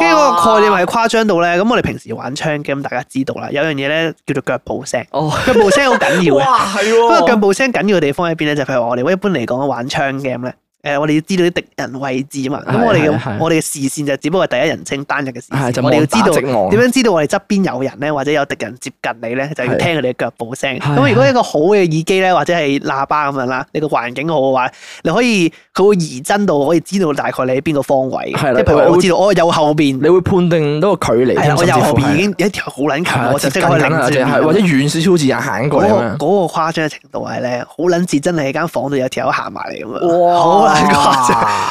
跟住嗰個概念係誇張到咧。咁我哋平時玩槍 game，大家知道啦，有樣嘢咧叫做腳步聲，腳步聲好緊要嘅。Oh. 哇，係喎、哦！不過腳步聲緊要嘅地方喺邊咧？就係、譬如我哋一般嚟講玩槍 game 咧。誒、呃，我哋要知道啲敵人位置啊嘛，咁我哋嘅我哋嘅視線就只不過係第一人稱單一嘅視線，是是我哋要知道點樣知道我哋側邊有人咧，或者有敵人接近你咧，就要聽佢哋嘅腳步聲。咁如果一個好嘅耳機咧，或者係喇叭咁樣啦，你、這個環境好嘅話，你可以佢會擬真到可以知道大概你喺邊個方位。即譬如我知道我右後邊。你會判定嗰個距離？我右後邊已經有一條好撚近，我直接可或者遠少少好似行過咁，嗰個誇張嘅程度係咧，好撚似真係喺間房度有條狗行埋嚟咁樣。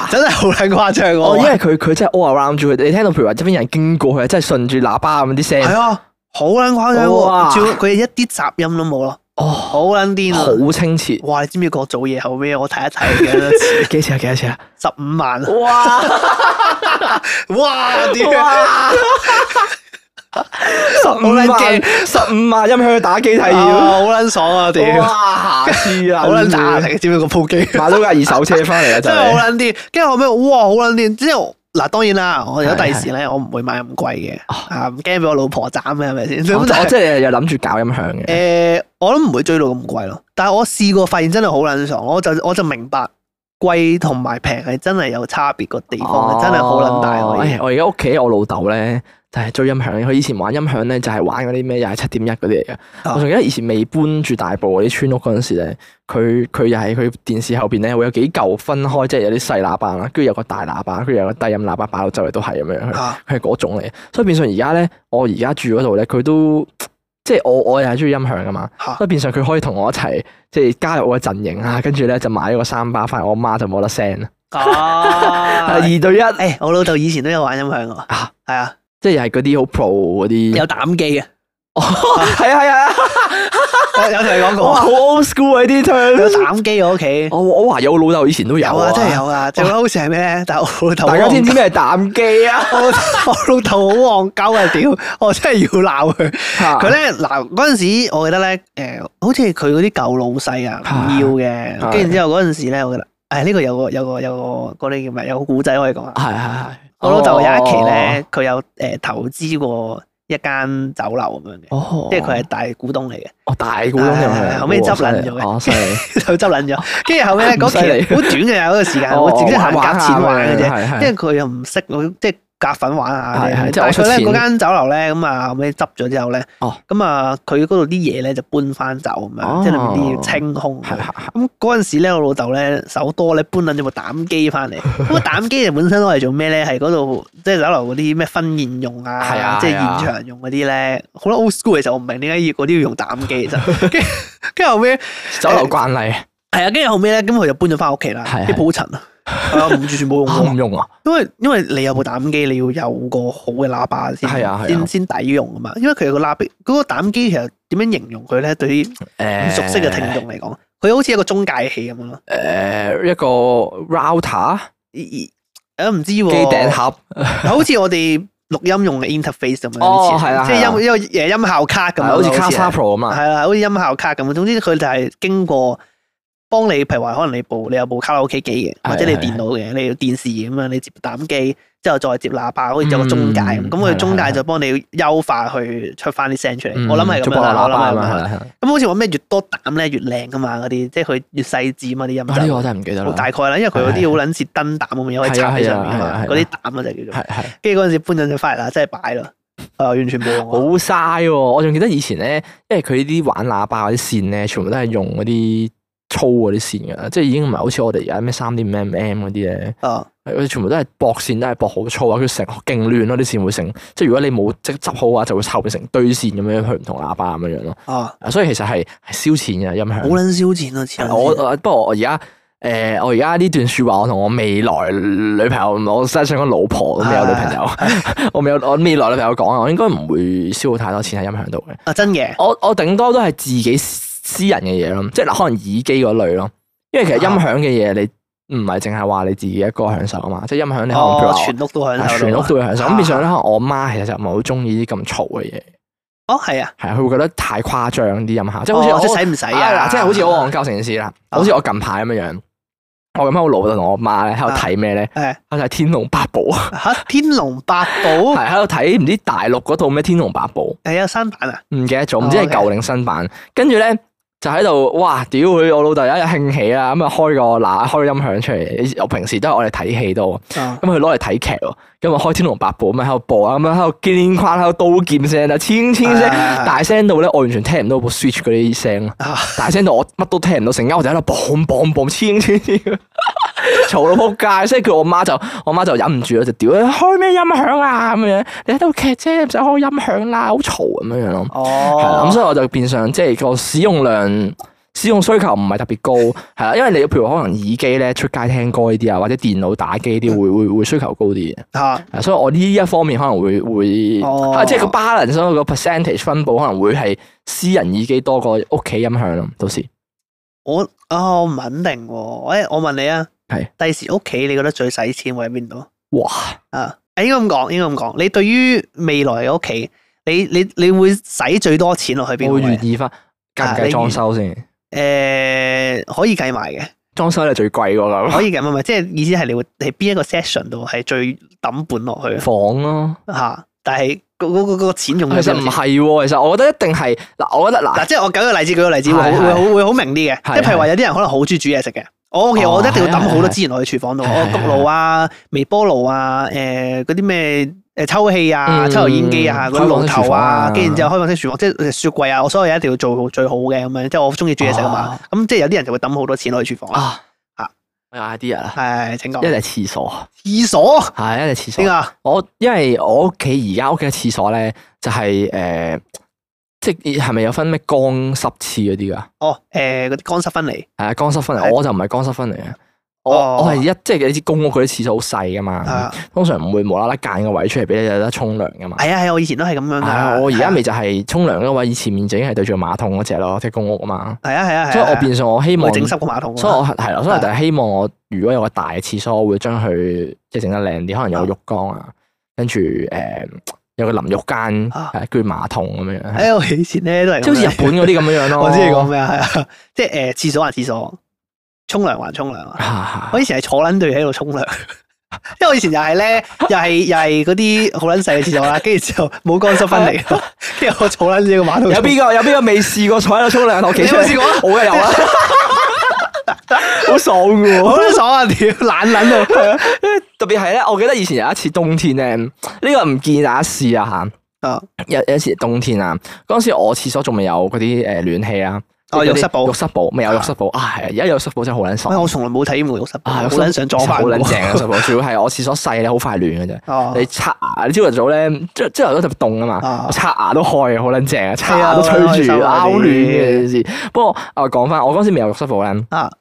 真係好靚誇張喎！因為佢佢真係 all around 住佢，你聽到譬如話周邊有人經過，佢真係順住喇叭咁啲聲。係啊，好靚誇張喎！佢佢一啲雜音都冇咯。哦，好靚啲，好清澈。哇！你知唔知我做嘢後尾我睇一睇幾多錢？幾多錢啊？十五萬啊！哇！哇！十五萬，十五萬音響去打機體驗，好卵爽啊！屌，哇，下次啊，好卵大啊！接住個鋪機，買咗架二手車翻嚟啊，真係好卵癲！跟住後尾，哇，好卵癲！之後嗱，當然啦，我而家第時咧，我唔會買咁貴嘅，吓唔驚俾我老婆斬咩？係咪先？我即係又諗住搞音響嘅。誒，我都唔會追到咁貴咯，但係我試過發現真係好卵爽，我就我就明白貴同埋平係真係有差別個地方，真係好卵大。我而家屋企我老豆咧。但係最音響，佢以前玩音響咧，就係玩嗰啲咩又係七點一嗰啲嚟嘅。啊、我仲記得以前未搬住大埔嗰啲村屋嗰陣時咧，佢佢又係佢電視後邊咧會有幾嚿分開，即、就、係、是、有啲細喇叭啦，跟住有個大喇叭，跟住有個低音喇叭擺到周圍都係咁樣。佢係嗰種嚟嘅，所以變相而家咧，我而家住嗰度咧，佢都即係我我又係中意音響噶嘛。吓、啊，所以變相佢可以同我一齊，即係加入我嘅陣營啊。跟住咧就買咗個三巴翻，我阿媽就冇得聲啦。哦、啊， 二對一。誒、欸，我老豆以前都有玩音響噶。係啊。即係係嗰啲好 pro 嗰啲，有膽機哦。係啊係啊，有同你講過，好 old school 嗰啲膽機。有膽機我屋企，我我話有老豆以前都有啊，真係有啊，仲有好似係咩咧，老老大家知唔知咩係膽機啊？我我老豆好戇鳩啊，屌！我真係要鬧佢，佢咧，嗱嗰陣時，我記得咧，誒，好似佢嗰啲舊老細啊，唔要嘅，跟住之後嗰陣時咧，我覺得，誒呢個有個有個有個嗰啲叫咩？有古仔可以講啊，係係係。我老豆有一期咧，佢有誒投資過一間酒樓咁樣嘅，即係佢係大股東嚟嘅。哦，大股東係咪？後尾執撚咗嘅，就執撚咗。跟住後尾嗰期好短嘅嗰個時間，我自己係夾錢玩嘅啫，因為佢又唔識即係。夾粉玩下，即係，而且嗰間酒樓咧，咁啊，後尾執咗之後咧，咁啊，佢嗰度啲嘢咧就搬翻走咁樣，即係啲要清空。咁嗰陣時咧，我老豆咧手多咧，搬緊隻部膽機翻嚟。咁膽機就本身都係做咩咧？係嗰度即係酒樓嗰啲咩婚宴用啊，即係現場用嗰啲咧。好啦，old school，其實我唔明點解要嗰啲要用膽機。其實跟住後尾，酒樓慣例係啊。跟住後尾咧，咁佢就搬咗翻屋企啦，啲鋪塵啊。啊，完全部用，唔用啊！因為因為你有部膽機，你要有個好嘅喇叭先，先先抵用啊嘛！因為佢有個喇叭，嗰個膽機其實點樣形容佢咧？對於誒熟悉嘅聽眾嚟講，佢好似一個中介器咁咯。誒，一個 router，誒唔知機頂盒，好似我哋錄音用嘅 interface 咁。哦，係啦，即係音一個誒音效卡咁啊，好似卡莎 Pro 啊嘛，係啦，好似音效卡咁。總之佢就係經過。幫你，譬如話可能你部你有部卡拉 OK 機嘅，或者你電腦嘅，你電視咁樣，你接膽機，之後再接喇叭，好似有個中介咁，咁佢中介就幫你優化去出翻啲聲出嚟。我諗係咁樣啦，咁好似話咩越多膽咧越靚噶嘛，嗰啲即係佢越細致啊啲音。呢個我真係唔記得啦。大概啦，因為佢嗰啲好撚似燈膽咁樣可以插喺上面，嗰啲膽啊就叫做。跟住嗰陣時搬咗就翻嚟啦，即係擺咯。完全冇。好嘥喎！我仲記得以前咧，因為佢啲玩喇叭嗰啲線咧，全部都係用嗰啲。粗嗰啲線嘅，即係已經唔係好似我哋而家咩三點五 mm 嗰啲咧，佢、啊、全部都係駁線，都係駁好粗啊！佢成勁亂咯，啲線會成，即係如果你冇即執好嘅話，就會湊成堆線咁樣去唔同喇叭咁樣咯。啊、所以其實係燒錢嘅音響，好捻燒錢啊！我不過我而家誒，我而家呢段說話，我同我未來女朋友，我實際上嘅老婆都未有女朋友，我未有我未來女朋友講啊，我應該唔會燒太多錢喺音響度嘅。啊，真嘅，我我頂多都係自己。私人嘅嘢咯，即係嗱，可能耳機嗰類咯，因為其實音響嘅嘢你唔係淨係話你自己一個享受啊嘛，即係音響你可能全屋都享受，全屋都享受。咁變相咧，我媽其實就唔係好中意啲咁嘈嘅嘢。哦，係啊，係啊，佢會覺得太誇張啲音效。即係好似使唔使啊？即係好似我我交成件事啦，好似我近排咁樣樣，我咁喺度老豆同我媽咧喺度睇咩咧？我睇《天龍八部》啊！嚇，《天龍八部》係喺度睇唔知大陸嗰套咩《天龍八部》？誒有新版啊？唔記得咗，唔知係舊定新版。跟住咧。就喺度，哇！屌 佢樂我老豆一日興起啦，咁啊開個喇開個音響出嚟。我平時都係我哋睇戲多，咁佢攞嚟睇劇喎。咁啊開《天龍八部》咁啊喺度播啦，咁啊喺度劍誇，喺度刀劍聲啦，千千聲大聲到咧，我完全聽唔到部 Switch 嗰啲聲。大聲到我乜都聽唔到，成間屋就喺度 bang bang bang 千千。清清清清 嘈到扑街，所以佢我媽就我媽就忍唔住啦，就屌、啊、你開咩音響啊咁樣，你喺度騎車唔使開音響啦，好嘈咁樣樣咯。哦，係啦，咁所以我就變相，即係個使用量、使用需求唔係特別高，係啦，因為你譬如可能耳機咧出街聽歌呢啲啊，或者電腦打機呢啲會會會需求高啲嘅。吓，所以我呢一方面可能會會、哦、即係個 balance，所以個 percentage 分布可能會係私人耳機多過屋企音響咯。到時我啊，我唔肯定喎、啊。我問你啊。係，第時屋企你覺得最使錢位喺邊度？哇！啊，應該咁講，應該咁講。你對於未來嘅屋企，你你你會使最多錢落去邊位？我願意翻計唔計裝修先？誒，可以計埋嘅，裝修係最貴噶。可以咁唔係，即係意思係你會喺邊一個 session 度係最抌本落去房咯吓？但係嗰嗰嗰個錢用其實唔係。其實我覺得一定係嗱，我覺得嗱，即係我舉個例子，舉個例子會會好會好明啲嘅。即係譬如話，有啲人可能好中意煮嘢食嘅。我其實我一定要抌好多資源落去廚房度，焗爐啊、微波爐啊、誒嗰啲咩誒抽氣啊、抽油煙機啊、嗰啲龍頭啊，跟住然之後開放式廚房即係雪櫃啊，我所有嘢一定要做最好嘅咁樣，即係我中意煮嘢食啊嘛，咁即係有啲人就會抌好多錢落去廚房啊，吓，有 idea 啊，係，請講，一係廁所，廁所，係一係廁所，點解？我因為我屋企而家屋企嘅廁所咧就係誒。即係咪有分咩乾濕廁嗰啲噶？哦，誒、呃，嗰啲乾濕分離。係啊，乾濕分離，我就唔係乾濕分離嘅。我我係一即係你公屋嗰啲廁所好細噶嘛，啊、通常唔會無啦啦揀個位出嚟，俾你有得沖涼噶嘛。係啊係，我以前都係咁樣噶、啊。我而家咪就係沖涼嘅話，以前面就已經係對住馬桶嗰隻咯，即係公屋啊嘛。係啊係啊，啊，啊，所以我變相我希望整濕個馬桶。所以我係咯，所以就係希望我如果有個大廁所，我會將佢即係整得靚啲，可能有浴缸啊，跟住誒。有個淋浴間，係叫馬桶咁樣。誒，我以前咧都係，好似日本嗰啲咁樣樣咯。我知你講咩啊。係啊，即係誒，廁所還廁所，沖涼還沖涼。我以前係坐捻對喺度沖涼，因為我以前又係咧，又係又係嗰啲好捻細嘅廁所啦，跟住之後冇乾濕分離，跟住我坐捻住個馬桶。有邊個有邊個未試過坐喺度沖涼。我其實有試過，我又有啊，好爽噶，好爽啊！屌，懶捻啊！特別係咧，我記得以前有一次冬天咧。呢個唔建議大家試啊吓，有有一次冬天啊，嗰時我廁所仲未有嗰啲誒暖氣啊，浴室寶浴室寶未有浴室寶啊，而家有浴室寶真係好卵爽。我從來冇體會浴室寶，好卵上妝，好卵正啊！浴室寶主要係我廁所細咧，好快暖嘅啫。你刷牙朝頭早咧，朝頭早就凍啊嘛，刷牙都開，好卵正啊！刷牙都吹住，好暖嘅。不過我講翻，我嗰時未有浴室寶咧，咁啊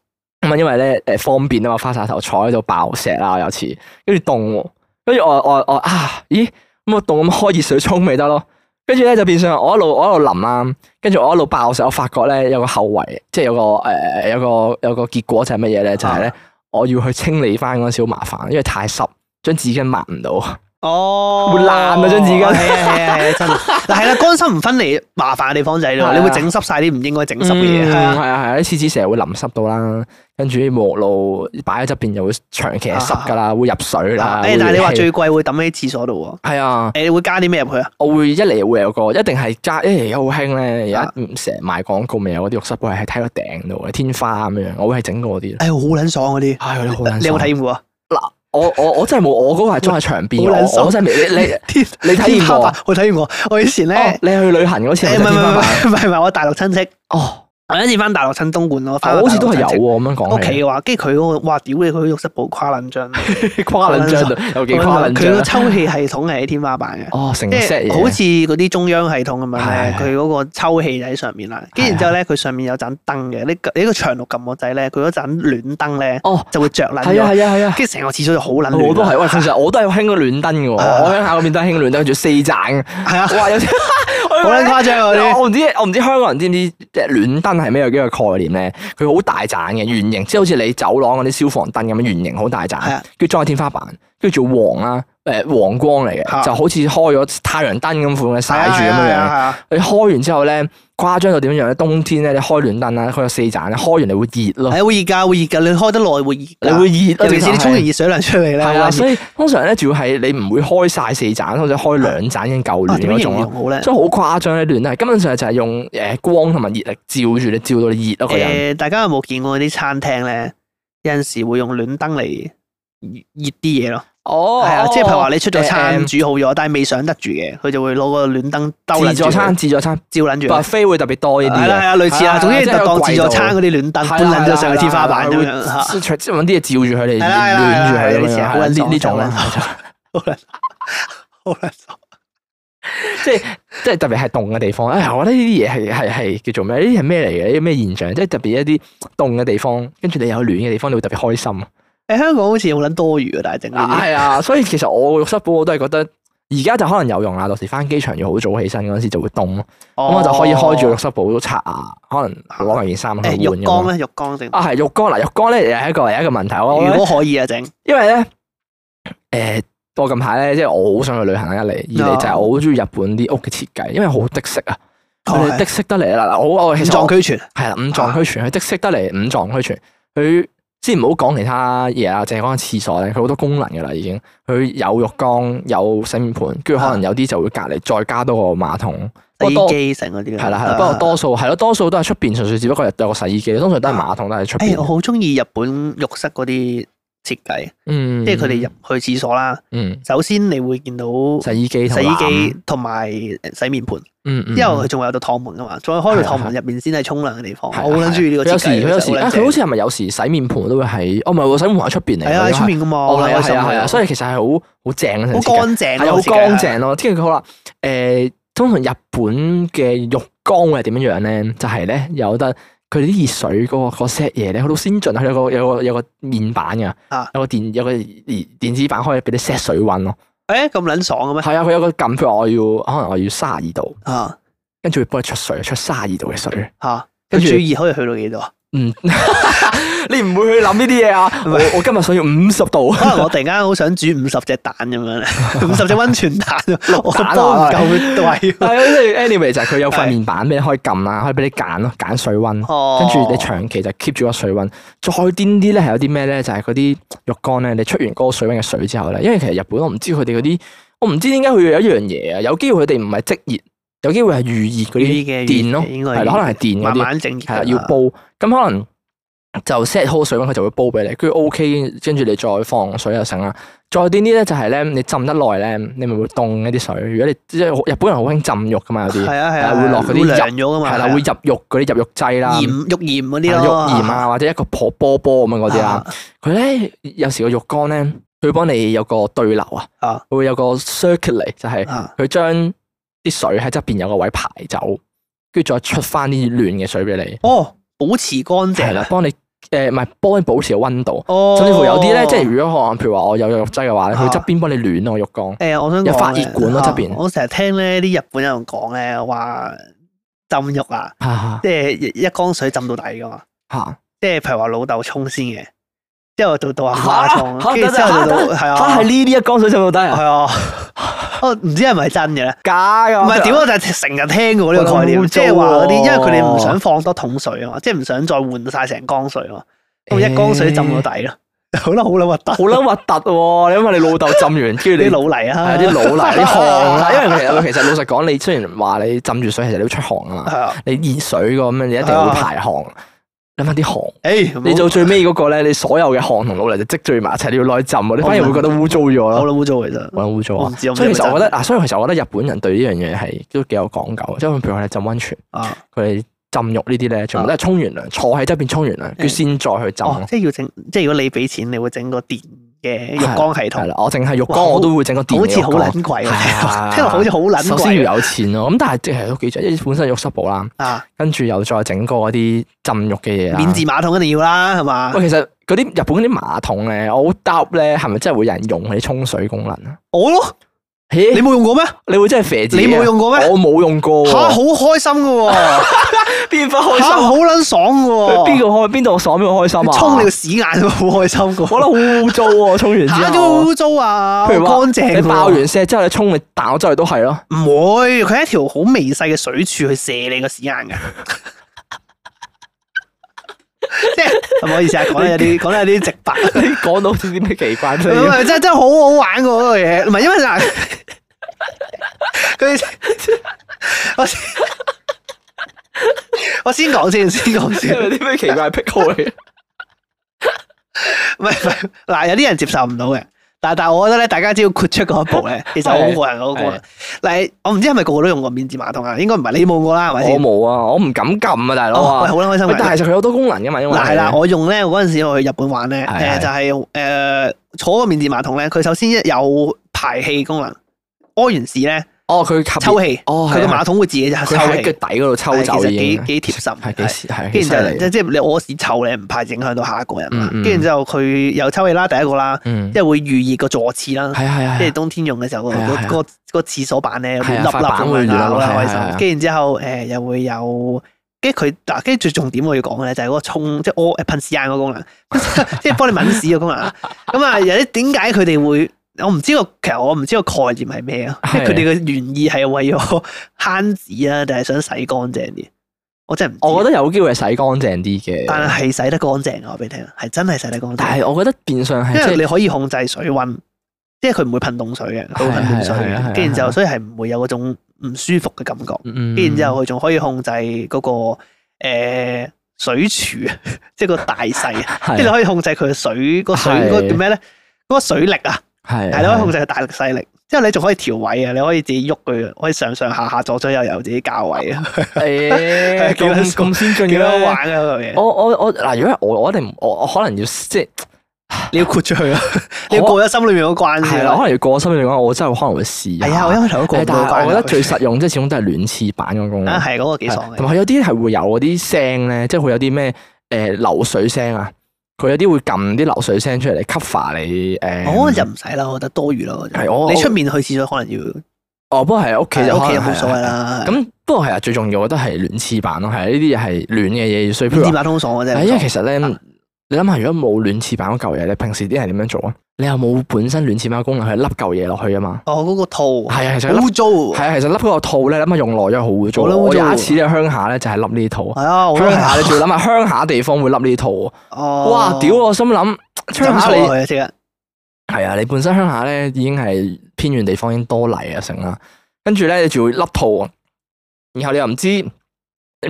因為咧誒方便啊嘛，花灑頭坐喺度爆石啦，有次跟住凍。跟住我我我啊，咦咁我凍咁開熱水沖咪得咯，跟住咧就變相我一路我一路淋啦，啊，跟住我一路爆嘅時候，我發覺咧有個後遺，即係有個誒、呃、有個有個結果就係乜嘢咧，就係、是、咧我要去清理翻嗰陣時好麻煩，因為太濕，張紙巾抹唔到。哦，會爛啊張紙巾，係係係，真係嗱，係啦，乾濕唔分離麻煩嘅地方仔啦，你會整濕晒啲唔應該整濕嘅嘢係啊，係啊，係啲廁紙成日會淋濕到啦，跟住啲臥路擺喺側邊就會長期係濕噶啦，會入水啦。但係你話最貴會抌喺廁所度喎，係啊，誒，你會加啲咩入去啊？我會一嚟會有個，一定係加，一嚟好興咧，而家唔成賣廣告咪有啲浴室櫃喺睇個頂度天花咁樣，我會係整過嗰啲，誒，好撚爽嗰啲，係啊，你好，你有冇體驗過啊？嗱。 我我我真係冇，我嗰個係裝喺牆邊，我真係 你 你你睇完我， 我睇完我，我以前咧，Oh, 你去旅行嗰次，唔係唔係我大陸親戚哦。我一次翻大陸趁東莞咯，好似都係有喎咁樣講。屋企嘅話，跟住佢嗰個，哇屌你，佢浴室部誇卵張，誇卵張，有幾誇卵張？佢個抽氣系統係喺天花板嘅，哦，成日好似嗰啲中央系統咁樣，佢嗰個抽氣就喺上面啦。跟住然之後咧，佢上面有盞燈嘅，呢你個長綠撳個仔咧，佢嗰盞暖燈咧，哦，就會着卵。係啊係啊係啊。跟住成個廁所就好撚暖。我都係，喂，其實我都係興嗰暖燈嘅，我鄉下嗰邊都興暖燈，住四盞。係啊。有好撚誇張嗰啲，我唔知我唔知，我知香港人知唔知即係暖燈係咩嘅一個概念咧，佢好大盞嘅，圓形，即係好似你走廊嗰啲消防燈咁樣，圓形，好大盞，佢是的 裝喺天花板。叫做黃啦，誒，黃光嚟嘅，啊、就好似開咗太陽燈咁款嘅曬住咁樣樣。啊啊、你開完之後咧，誇張到點樣樣咧？冬天咧，你開暖燈啦，開咗四盞，開完你會熱咯。係啊，會熱噶，會熱噶。你開得耐會熱，你會熱。尤其是你沖完熱水涼出嚟咧。係啊，所以通常咧，仲要係你唔會開晒四盞，或者開兩盞已經夠暖嗰種。點樣、啊、形容好咧？所以好誇張嘅暖咧，根本上就係用誒光同埋熱嚟照住你，照到你熱嗰個人。誒，大家有冇見過啲餐廳咧？有陣時會用暖燈嚟。熱啲嘢咯係啊，即係譬如話你出咗餐煮好咗，但係未想得住嘅，佢就會攞個暖燈照住。自助餐，自助餐照撚住，巴菲會特別多一啲。係啊，類似啊，總之就當自助餐嗰啲暖燈，半輪就上去天花板咁樣。即係搵啲嘢照住佢哋，暖住佢咁樣。呢呢種咧，好好即係即係特別係凍嘅地方。我覺得呢啲嘢係係係叫做咩？呢啲係咩嚟嘅？呢啲咩現象？即係特別一啲凍嘅地方，跟住你有暖嘅地方，你會特別開心。香港好似好捻多餘啊，但係整係啊，所以其實我浴室寶我都係覺得而家就可能有用啦。到時返機場要好早起身嗰時就會凍咯，咁、哦、我就可以開住浴室寶擦啊，可能攞件衫去換咁浴缸咧，浴缸整啊，係浴缸嗱，浴缸咧又係一個另一,一個問題。我如果可以啊，整，因為咧，誒、呃，我近排咧，即係我好想去旅行一嚟，二嚟就係我好中意日本啲屋嘅設計，因為好的色啊，佢哋的色得嚟嗱，好、哦，啊、我我五臟俱全係啦，了五臟俱全佢的色得嚟，五臟俱全佢。啊先唔好講其他嘢啊，淨係講廁所咧，佢好多功能㗎喇已經，佢有浴缸、有洗面盆，跟住、啊、可能有啲就會隔籬再加多個馬桶、洗衣機成嗰啲嘅。係啦，不過多數係咯，多數都係出邊，純粹只不過有個洗衣機，通常都係馬桶、啊、都係出邊。我好中意日本浴室嗰啲。設計，即係佢哋入去廁所啦。首先你會見到洗衣機、洗衣機同埋洗面盆。因為佢仲有道趟門噶嘛，再開個趟門入面先係沖涼嘅地方。我好捻中意呢個設計，好靚。有時佢有時佢好似係咪有時洗面盆都會喺，哦唔係，洗面盆喺出邊嚟。係啊，喺出邊噶嘛。係啊，係啊，所以其實係好好正好乾淨，好乾淨咯。聽住佢好啦，誒，通常日本嘅浴缸係點樣咧？就係咧有得。佢啲熱水嗰、那個嗰 set 嘢咧，好、那個、先進啊！有個有個有個面板噶，有個電有個電子版可以俾你 set 水温咯。誒、欸，咁撚爽嘅咩？係啊，佢有個撳，譬如我要可能我要卅二度啊，跟住會幫你出水，出卅二度嘅水啊。跟住最熱可以去到幾多啊？ 你唔會去諗呢啲嘢啊係咪？我今日想要五十度，可能我突然間好想煮五十隻蛋咁樣，五十隻溫泉 蛋我夠，蛋的都唔夠大。係啊，即係 Anyway 就係佢有塊面板俾你可以撳啦，可以俾你揀咯，揀水溫。跟住、哦、你長期就 keep 住個水溫。再癲啲咧係有啲咩咧？就係嗰啲浴缸咧，你出完嗰個水溫嘅水之後咧，因為其實日本我唔知佢哋嗰啲，我唔知點解佢要有一樣嘢啊，有機會佢哋唔係即熱。有機會係預熱嗰啲電咯，係可能係電嗰啲，慢慢整，係啦，要煲咁可能就 set 好水溫，佢就會煲俾你。跟住 OK，跟住你再放水就成啦。再啲啲咧就係咧，你浸得耐咧，你咪會凍一啲水。如果你即係日本人好興浸浴噶、啊啊、嘛，有啲係啊係啊，會落嗰啲涼肉噶嘛，係啦，會入浴嗰啲入浴劑啦、鹽、浴鹽嗰啲咯、啊鹽啊或者一個破波波咁樣嗰啲啊。佢咧有時個浴缸咧，佢幫你有個對流啊，會有個 circular 就係佢將。啲水喺側邊有個位排走，跟住再出翻啲暖嘅水俾你。哦，保持乾淨。係啦，幫你誒，唔係幫你保持温度。哦，甚至乎有啲咧，即係如果我譬如話我有用浴劑嘅話，佢側邊幫你暖我浴缸。誒，我想講有發熱管咯側邊。我成日聽咧啲日本人講咧，話浸浴啊，即係一缸水浸到底噶嘛。吓，即係譬如話老豆沖先嘅，之後到到阿媽沖，跟住之後就係啊，係呢啲一缸水浸到底係啊。哦，唔知係咪真嘅咧？假嘅油，唔係點啊？就成日聽過呢個概念，即係話嗰啲，因為佢哋唔想放多桶水啊嘛，即係唔想再換晒成缸水啊嘛，咁一缸水浸到底咯。好啦，好撚核突，好撚核突。你因為你老豆浸完，跟住你啲老泥啊、哎，啲老泥汗啊。 因為其實，其實老實講，你雖然話你浸住水，其實你要出汗啊嘛。 你熱水噉樣，你一定會排汗。 淋翻啲汗，誒，hey, 你做最尾嗰、那個咧，你所有嘅汗同老嚟就積聚埋一齊，你要耐浸，你反而會覺得污糟咗啦。好啦，污糟其實，我諗污糟所以其實我覺得，嗱，所以其實我覺得日本人對呢樣嘢係都幾有講究，即係譬如話你浸温泉，佢哋、啊、浸浴呢啲咧，全部都係沖完涼，坐喺側邊沖完涼，佢先再去浸。即係要整，即係如果你俾錢，你會整個電。浴缸系統，我淨係浴缸我嘩都會整個電腦，好似吧好撚貴。係啊，聽落好似好撚貴。首先要有錢咯，咁但係即係都幾正，因為本身浴室寶啦，跟住又再整個啲浸浴嘅嘢，免治馬桶一定要啦，係嘛？喂，其實嗰啲日本嗰啲馬桶咧，我好搭咧，係咪真係會有人用起沖水功能啊？我咯。咦你冇用過咩？你會真係肥仔？你冇用過咩？我冇用過、啊。吓，好開心噶、啊， 變化開心。好捻爽噶，邊個開？邊度爽？邊度開心啊？沖、啊啊啊、你個屎眼，都好開心噶。可得好污糟啊！沖、啊、完之後污糟啊？譬如乾淨。乾淨你爆完射之後，你沖咪彈出嚟都係咯。唔會，佢係一條好微細嘅水柱去射你個屎眼嘅。 即係，唔、就是、好意思呀，講得有啲，講得你有啲直白，講到啲咩奇怪。唔係， 真真好好玩噶嗰、那個嘢，唔係因為嗱，佢我 我先講 先，先，先講先， 有啲咩奇怪癖好？唔係唔係，嗱，有啲人接受唔到嘅。但係，我覺得咧，大家只要豁出嗰一步咧，其實好、過癮、 是的 好過癮，嗱，我唔知係咪個個都用過免治馬桶啊？應該唔係，你冇過啦，係咪？我冇啊，我唔敢撳啊，大佬啊，好、哦、開心。但係其實佢好多功能嘅嘛，因為嗱係啦，我用咧，我嗰陣時我去日本玩咧，誒就係誒坐個免治馬桶咧，佢首先一有排氣功能，屙完屎咧。哦，佢吸抽氣，哦，佢個馬桶會自己抽氣，喺腳底嗰度抽臭嘢，幾幾貼心，係幾係。跟住就即係即係你屙屎臭咧，唔怕影響到下一個人。跟住之後佢又抽氣啦，第一個啦，即係會預熱個坐廁啦，即係冬天用嘅時候個個廁所板咧，立立咁啊，衛生。跟住之後誒又會有，跟住佢嗱，跟住最重點我要講咧，就係嗰個沖即係屙噴屎眼個功能，即係幫你聞屎個功能。咁啊，有啲點解佢哋會？我唔知個其實我唔知個概念係咩啊？即係佢哋嘅原意係為咗慳紙啊，定係想洗乾淨啲？我真係唔知，我覺得有機會係洗乾淨啲嘅，但係洗得乾淨啊！我俾你聽係真係洗得乾淨。但係我覺得變相係因為你可以控制水溫，即係佢唔會噴凍水嘅，都噴溫水嘅。跟住之後所以係唔會有嗰種唔舒服嘅感覺。跟住之後佢仲可以控制嗰個誒水柱，即係個大細。即係你可以控制佢嘅水嗰水嗰叫咩咧？嗰個水力啊！係係咯，可以控制佢大力細力，之後你仲可以調位啊！你可以自己喐佢，可以上上下下左左右右自己校位啊！誒，咁咁先進嘅，幾好玩啊、嗰嘢！我我我嗱，如果我我一定我我可能要即係你要豁出去咯， 我你要過咗心裏面嗰關係啦， 可能要過心裡面我我真係可能會試。係啊對，我因為頭都過咗。但係我覺得最實用即係 始終都係暖廁板嗰、 嗰個功能。啊，係嗰個幾爽嘅。同埋有啲係會有嗰啲聲咧，即係會有啲咩誒流水聲啊。佢有啲會撳啲流水聲出嚟 cover 你誒，我就唔使啦，我覺得多餘咯。係我，我，你出面去廁所可能要哦。不過係屋企就冇所謂啦。咁不過係啊，最重要我覺得係暖廁板咯。係呢啲嘢，係暖嘅嘢，要所以廁板通爽嘅啫。因為其實咧。你諗下，如果冇暖廁板嗰嚿嘢，你平時啲人點樣做啊？你有冇本身暖廁板嘅功能？佢係笠嚿嘢落去啊嘛。哦，嗰、嗰個套係啊，係就污糟。係啊，其實笠嗰個套咧，諗下用耐咗好污糟。我有一次喺鄉下咧，就係笠呢套。係啊、哎，鄉下你仲要諗下鄉下地方會笠呢套。哦。哇，屌！我心諗鄉下你係啊，你本身鄉下咧已經係偏遠地方，已經多泥啊成啦。跟住咧，你仲會笠套，套，然後你又唔知。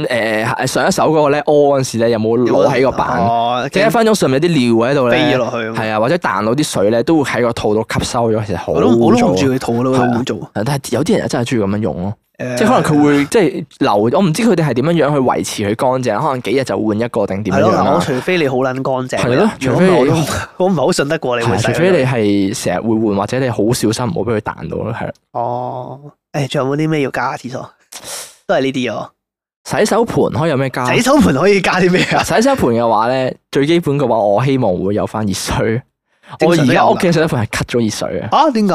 誒、呃、上一手嗰個咧屙嗰陣時咧，有冇攞喺個板？哦，即係一分鐘上面啲尿喺度咧，飛咗落去。係啊，或者彈到啲水咧，都會喺個肚度吸收咗。其實好污糟。我都唔中意肚，我覺得好污糟。但係有啲人真係中意咁樣用咯。呃、即係可能佢會的即係流，我唔知佢哋係點樣樣去維持佢乾淨。可能幾日就換一個定點。係咯，除非你好撚乾淨。係咯，除非 我唔係好信得過你。除非你係成日會換，或者你好小心，唔好俾佢彈到咯。係咯。哦，誒、哎，仲有冇啲咩要加廁所？都係呢啲咯。洗手盆可以有咩加？洗手盆可以加啲咩啊？ 洗手盆嘅話咧，最基本嘅話，我希望會有翻熱水。我而家屋企洗手盆係 cut 咗熱水啊！啊，點解？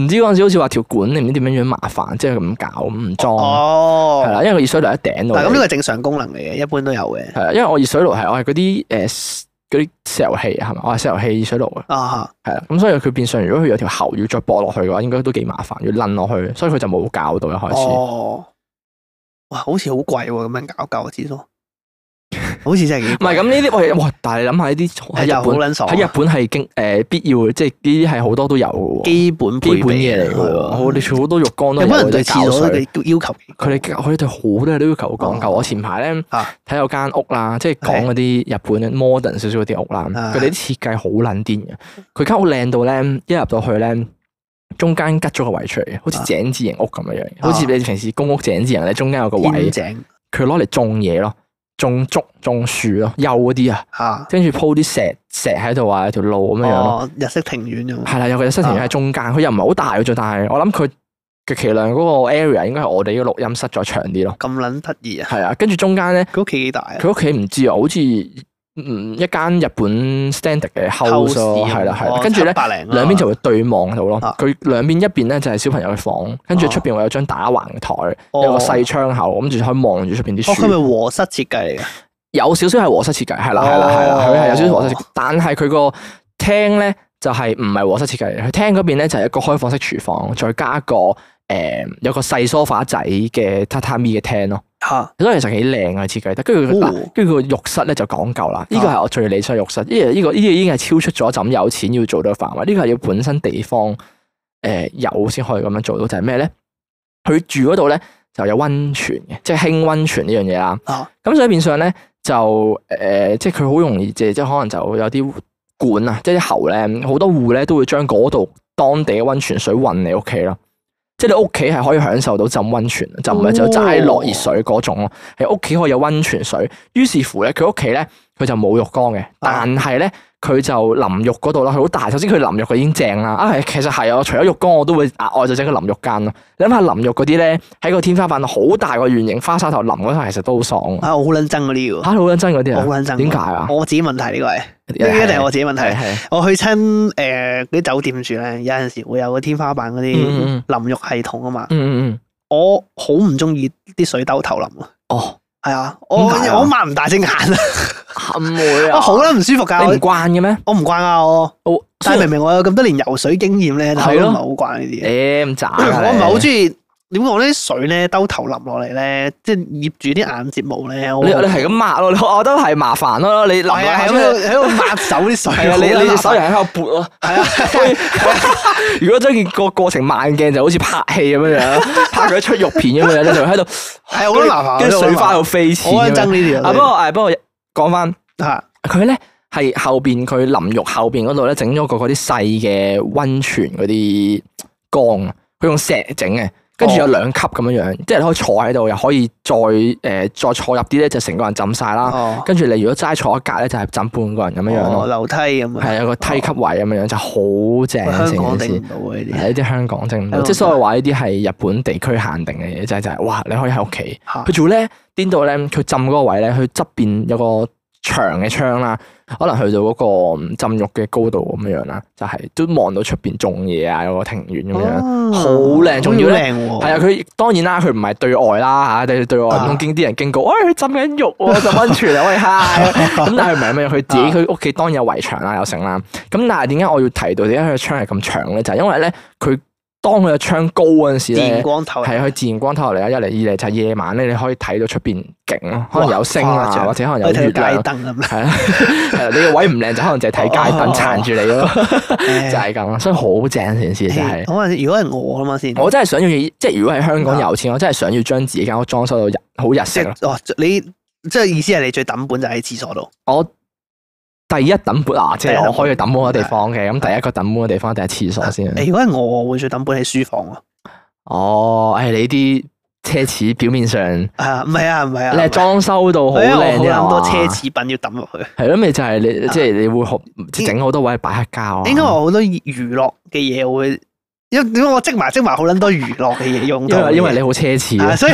唔知嗰陣時好似話條管，唔知點樣樣麻煩，即係咁搞咁唔裝。哦，係啦，因為個熱水爐喺頂度。嗱，咁呢個正常功能嚟嘅，一般都有嘅。係啊，因為我熱水爐係我係嗰啲誒啲石油氣係咪？我係石油氣熱水爐啊哈。係啊，咁所以佢變相如果佢有條喉要再駁落去嘅話，應該都幾麻煩，要擰落去，所以佢就冇搞到一開始。哦哇，好似好貴咁樣搞舊個廁所，好似真係唔係咁呢啲喂哇！但係你諗下呢啲喺日本喺 日本係經誒必要，嘅，即係呢啲係好多都有嘅喎。基本基本嘢嚟嘅我哋好多浴缸都係廁所嘅要求，佢哋佢哋好多嘢都要求講究。哦、我前排咧睇有間屋啦，即係講嗰啲日本嘅 okay, modern 少少嗰啲屋啦，佢哋啲設計好撚癲嘅，佢間屋靚到咧，一入到去咧。中間吉咗個位出嚟，好似井字形屋咁樣樣，好似、啊、你平時公屋井字形。咧，中間有個位，佢攞嚟種嘢咯，種竹種樹咯，幼嗰啲啊，跟住鋪啲石石喺度啊，條路咁樣樣咯、哦。日式庭院係啦，有佢日式庭院喺中間，佢、啊、又唔係好大嘅啫，但係我諗佢極其量嗰個 area 應該係我哋呢個錄音室再長啲咯。咁捻得意啊！係啊，跟住中間咧，佢屋企幾大啊？佢屋企唔知啊，好似。嗯，一間日本 standard 嘅 house 係啦，係啦，跟住咧，兩邊就會對望到咯。佢兩邊一邊咧就係小朋友嘅房，跟住出邊會有張打橫嘅台，有個細窗口，我諗住可以望住出邊啲書。哦，佢咪和室設計嚟嘅。有少少係和室設計，係啦，係啦，係啦，係咪有少少和室設計？但係佢個廳咧就係唔係和室設計嚟嘅。廳嗰邊咧就係一個開放式廚房，再加個誒，有個細梳化仔嘅榻榻米嘅廳咯。吓，所以其實幾靚啊設計得，跟住佢跟住佢浴室咧就講究啦。呢個係我最理想浴室，呢個呢個呢個已經係超出咗咁有錢要做到嘅範圍。呢、呢個係要本身地方誒有先可以咁樣做到，就係咩咧？佢住嗰度咧就有溫泉嘅，即係興溫泉呢樣嘢啦。咁、哦、所以變相咧就誒、呃，即係佢好容易即係即係可能就有啲管啊，即係啲喉咧，好多戶咧都會將嗰度當地嘅溫泉水運嚟屋企咯。即係你屋企係可以享受到浸溫泉， 浸唔係就齋落熱水嗰種咯，喺屋企可以有溫泉水。於是乎咧，佢屋企咧。佢就冇浴缸嘅，但係咧佢就淋浴嗰度啦，佢好大。首先佢淋浴佢已經正啦，啊，其實係啊，除咗浴缸，我都會額外就整個淋浴間咯。你諗下淋浴嗰啲咧，喺個天花板好大個圓形花灑頭淋嗰陣，其實都好爽。啊，好撚憎嗰啲吓，好撚憎嗰啲啊，好撚憎，點解啊？我自己問題嚟嘅，呢一定係我自己問題。係、呢個，我去親誒啲酒店住咧，有陣時會有個天花板嗰啲淋浴系統啊嘛。嗯嗯、我好唔中意啲水兜頭淋啊。哦。係啊，我我擘唔大隻眼啊，唔會啊，好啦，唔舒服噶，你唔慣嘅咩？我唔慣啊，我，但係明明我有咁多年游水經驗咧，係咯，但係我唔係好慣呢啲嘢，我唔係好中意。點解我啲水咧兜頭淋落嚟，咧，即係醃住啲眼睫毛咧？你你係咁抹咯，我我覺得係麻煩咯。你淋喺度喺度抹走啲水，你你隻手又喺度撥咯。係啊，如果真係個過程慢鏡，就好似拍戲咁樣樣，拍佢出肉片咁樣樣，你就喺度係好多麻煩。跟住水花又飛濺啊！我覺得憎呢啲。不過誒，不過講翻，佢咧係後邊佢淋浴後邊嗰度咧，整咗個嗰啲細嘅温泉嗰啲缸啊，佢用石整嘅。跟住有兩級咁樣樣，oh. 即係你可以坐喺度，又可以再誒、呃、再坐入啲咧，就成個人浸晒啦。跟住、oh. 你如果齋坐一格咧，就係、是、浸半個人咁樣樣咯。Oh. 樓梯咁，係有個梯級位咁樣樣就好正。香港整唔到嘅啲，係一啲香港整唔到，是即係所以話呢啲係日本地區限定嘅嘢，就係就係哇，你可以喺屋企。佢做咧，邊度咧？佢浸嗰個位咧，佢側邊有個。長嘅窗啦，可能去到嗰個浸浴嘅高度咁樣樣啦，就係、是、都望到出邊種嘢啊，有、那個庭院咁樣，好靚、哦，仲要靚喎。係、哦、啊，佢當然啦，佢唔係對外啦吓，但係對外仲驚啲人經過，喂、哎，佢浸緊浴喎、啊，浸溫 泉啊，喂 hi 咁 但係唔係咩，佢自己佢屋企當然有圍牆啦，有成啦。咁但係點解我要提到點解佢個窗係咁長咧？就係、因為咧佢。當佢嘅窗高嗰陣時咧，係佢自然光透嚟啊！一嚟二嚟就係夜晚咧，你可以睇到出邊景咯，可能有星啊，或者可能有街燈咁係啊，係你個位唔靚就可能淨係睇街燈撐住你咯，就係咁咯。所以好正，成件事就係。可能如果係我咁啊先，我真係想要，即係如果喺香港有錢，我真係想要將自己間屋裝修到日好日式咯。哦，你即係意思係你最抌本就喺廁所度。我。係一揼本啊，即係我可以揼本嘅地方嘅。咁的第一個揼本嘅地方一定係廁所先。如果係我，我會最揼本喺書房啊。哦，係你啲奢侈表面上啊，唔係啊，唔係啊，你係裝修到好靚啲啊。好多奢侈品要抌落去。係咯，咪就係你，即係你會好整好多位擺黑膠。應該我好多娛樂嘅嘢會因點解我積埋積埋好撚多娛樂嘅嘢用？因為因為你好奢侈，所以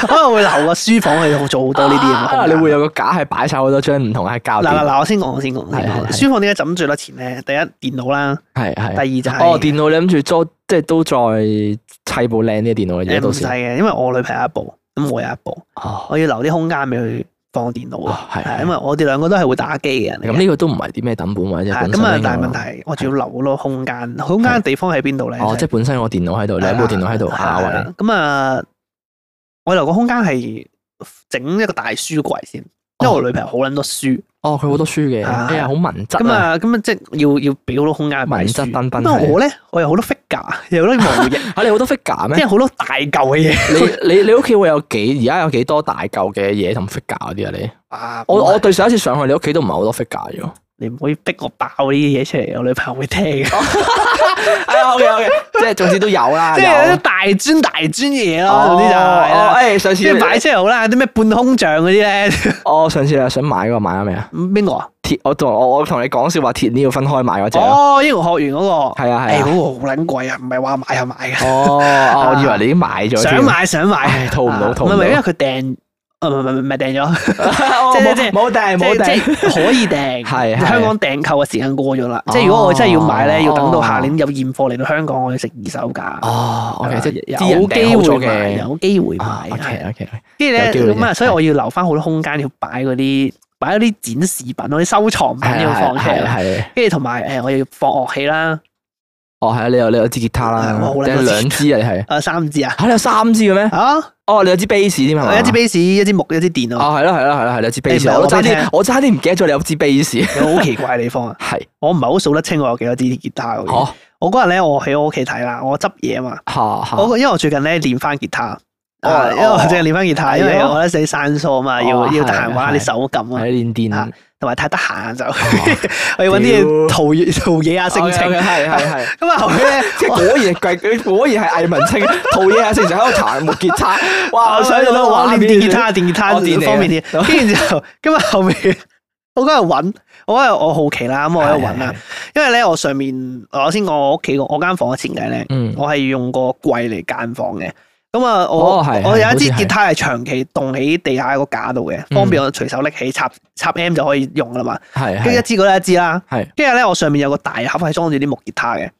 可能會留個書房去做好多呢啲。啊，你會有個架係擺晒好多張唔同嘅膠、啊。嗱嗱嗱，我先講，我先講，我書房點解枕住最攤錢咧？第一電腦啦，係係。第二就係、是、哦電腦你諗住租，即係都再砌部靚啲電腦嘅嘢。到時唔使嘅，因為我女朋友一部，咁我有一部，我要留啲空間俾佢。放電腦啊，係，咁啊，我哋兩個都係會打機嘅人嚟。咁呢個都唔係啲咩等本或者，咁啊，但係問題我仲要留嗰個空間，空間嘅地方喺邊度咧？哦，即係本身我電腦喺度，你有部電腦喺度下位。咁啊，我留個空間係整一個大書櫃先。因為我女朋友好捻多書，哦，佢好多書嘅，哎呀好、嗯、文質，咁啊咁啊，即係要要俾好多空間去買書。文質彬彬。咁我咧，我有好多 figure，有好多模嘅。吓，你好多 figure 咩？即係好多大嚿嘅嘢。你你你屋企會有幾而家有幾多大嚿嘅嘢同 figure 嗰啲啊？你？啊，我我對上一次上去你屋企都唔係好多 figure 嘅。你唔可以逼我爆呢啲嘢出嚟，我女朋友會聽。係啊，OK OK，即係總之都有啦，即係啲大專大專嘢咯，總之就誒，上次買即係好啦，啲咩半空像嗰啲咧。哦，上次啊，想買個買咗未啊？邊個啊？鐵我同我我同你講笑話，鐵你要分開買嗰隻。哦，英雄學院嗰個。係啊係啊。誒，嗰個好卵貴啊，唔係話買就買噶。哦，我以為你已經買咗。想買想買，套唔到淘唔到。因為佢訂？唔唔唔訂咗，即係冇訂，冇訂，可以訂。係香港訂購嘅時間過咗啦。即係如果我真係要買咧，要等到下年有現貨嚟到香港，我要食二手價。哦，OK，即係有機會買，有機會買。OK，跟住咧咁啊，所以我要留翻好多空間要擺嗰啲擺嗰啲展示品，嗰啲收藏品要放係。跟住同埋誒，我要放樂器啦。哦，係啊，你有你有支吉他啦，訂兩支啊，你係誒三支啊？吓，你有三支嘅咩？啊？哦，你有支貝斯添嘛？我一支貝斯，一支木，一支電啊！哦，係啦，係啦，係啦，係，你支貝斯。唔係我差啲，我差啲唔記得咗，你有支貝斯。有好奇怪嘅地方啊！係，我唔係好數得清我有幾多支吉他。我嗰日咧，我喺我屋企睇啦，我執嘢啊嘛。吓吓！我因為最近咧練翻吉他，因為淨係練翻吉他，因為我咧死生疏啊嘛，要要彈下啲手感啊，練電啊。同埋太得閒就，我要揾啲嘢陶冶陶冶下性情，係係係。咁啊，後尾咧，即係果然，佢佢果然係偽文青，陶冶下性情，喺度彈木吉他。哇，我想喺度哇練電吉他，電吉他方便啲。跟住之後，咁啊，後尾我嗰日搵，我因為我好奇啦，咁我喺度搵啦。因為咧，我上面我頭先講我屋企我間房嘅設計咧，我係用個櫃嚟間房嘅。咁啊，我我有一支吉他係長期凍喺地下個架度嘅，方便我隨手拎起插插 M 就可以用啦嘛。係跟一支嗰啲一支啦。係跟住咧，我上面有個大盒係裝住啲木吉他嘅。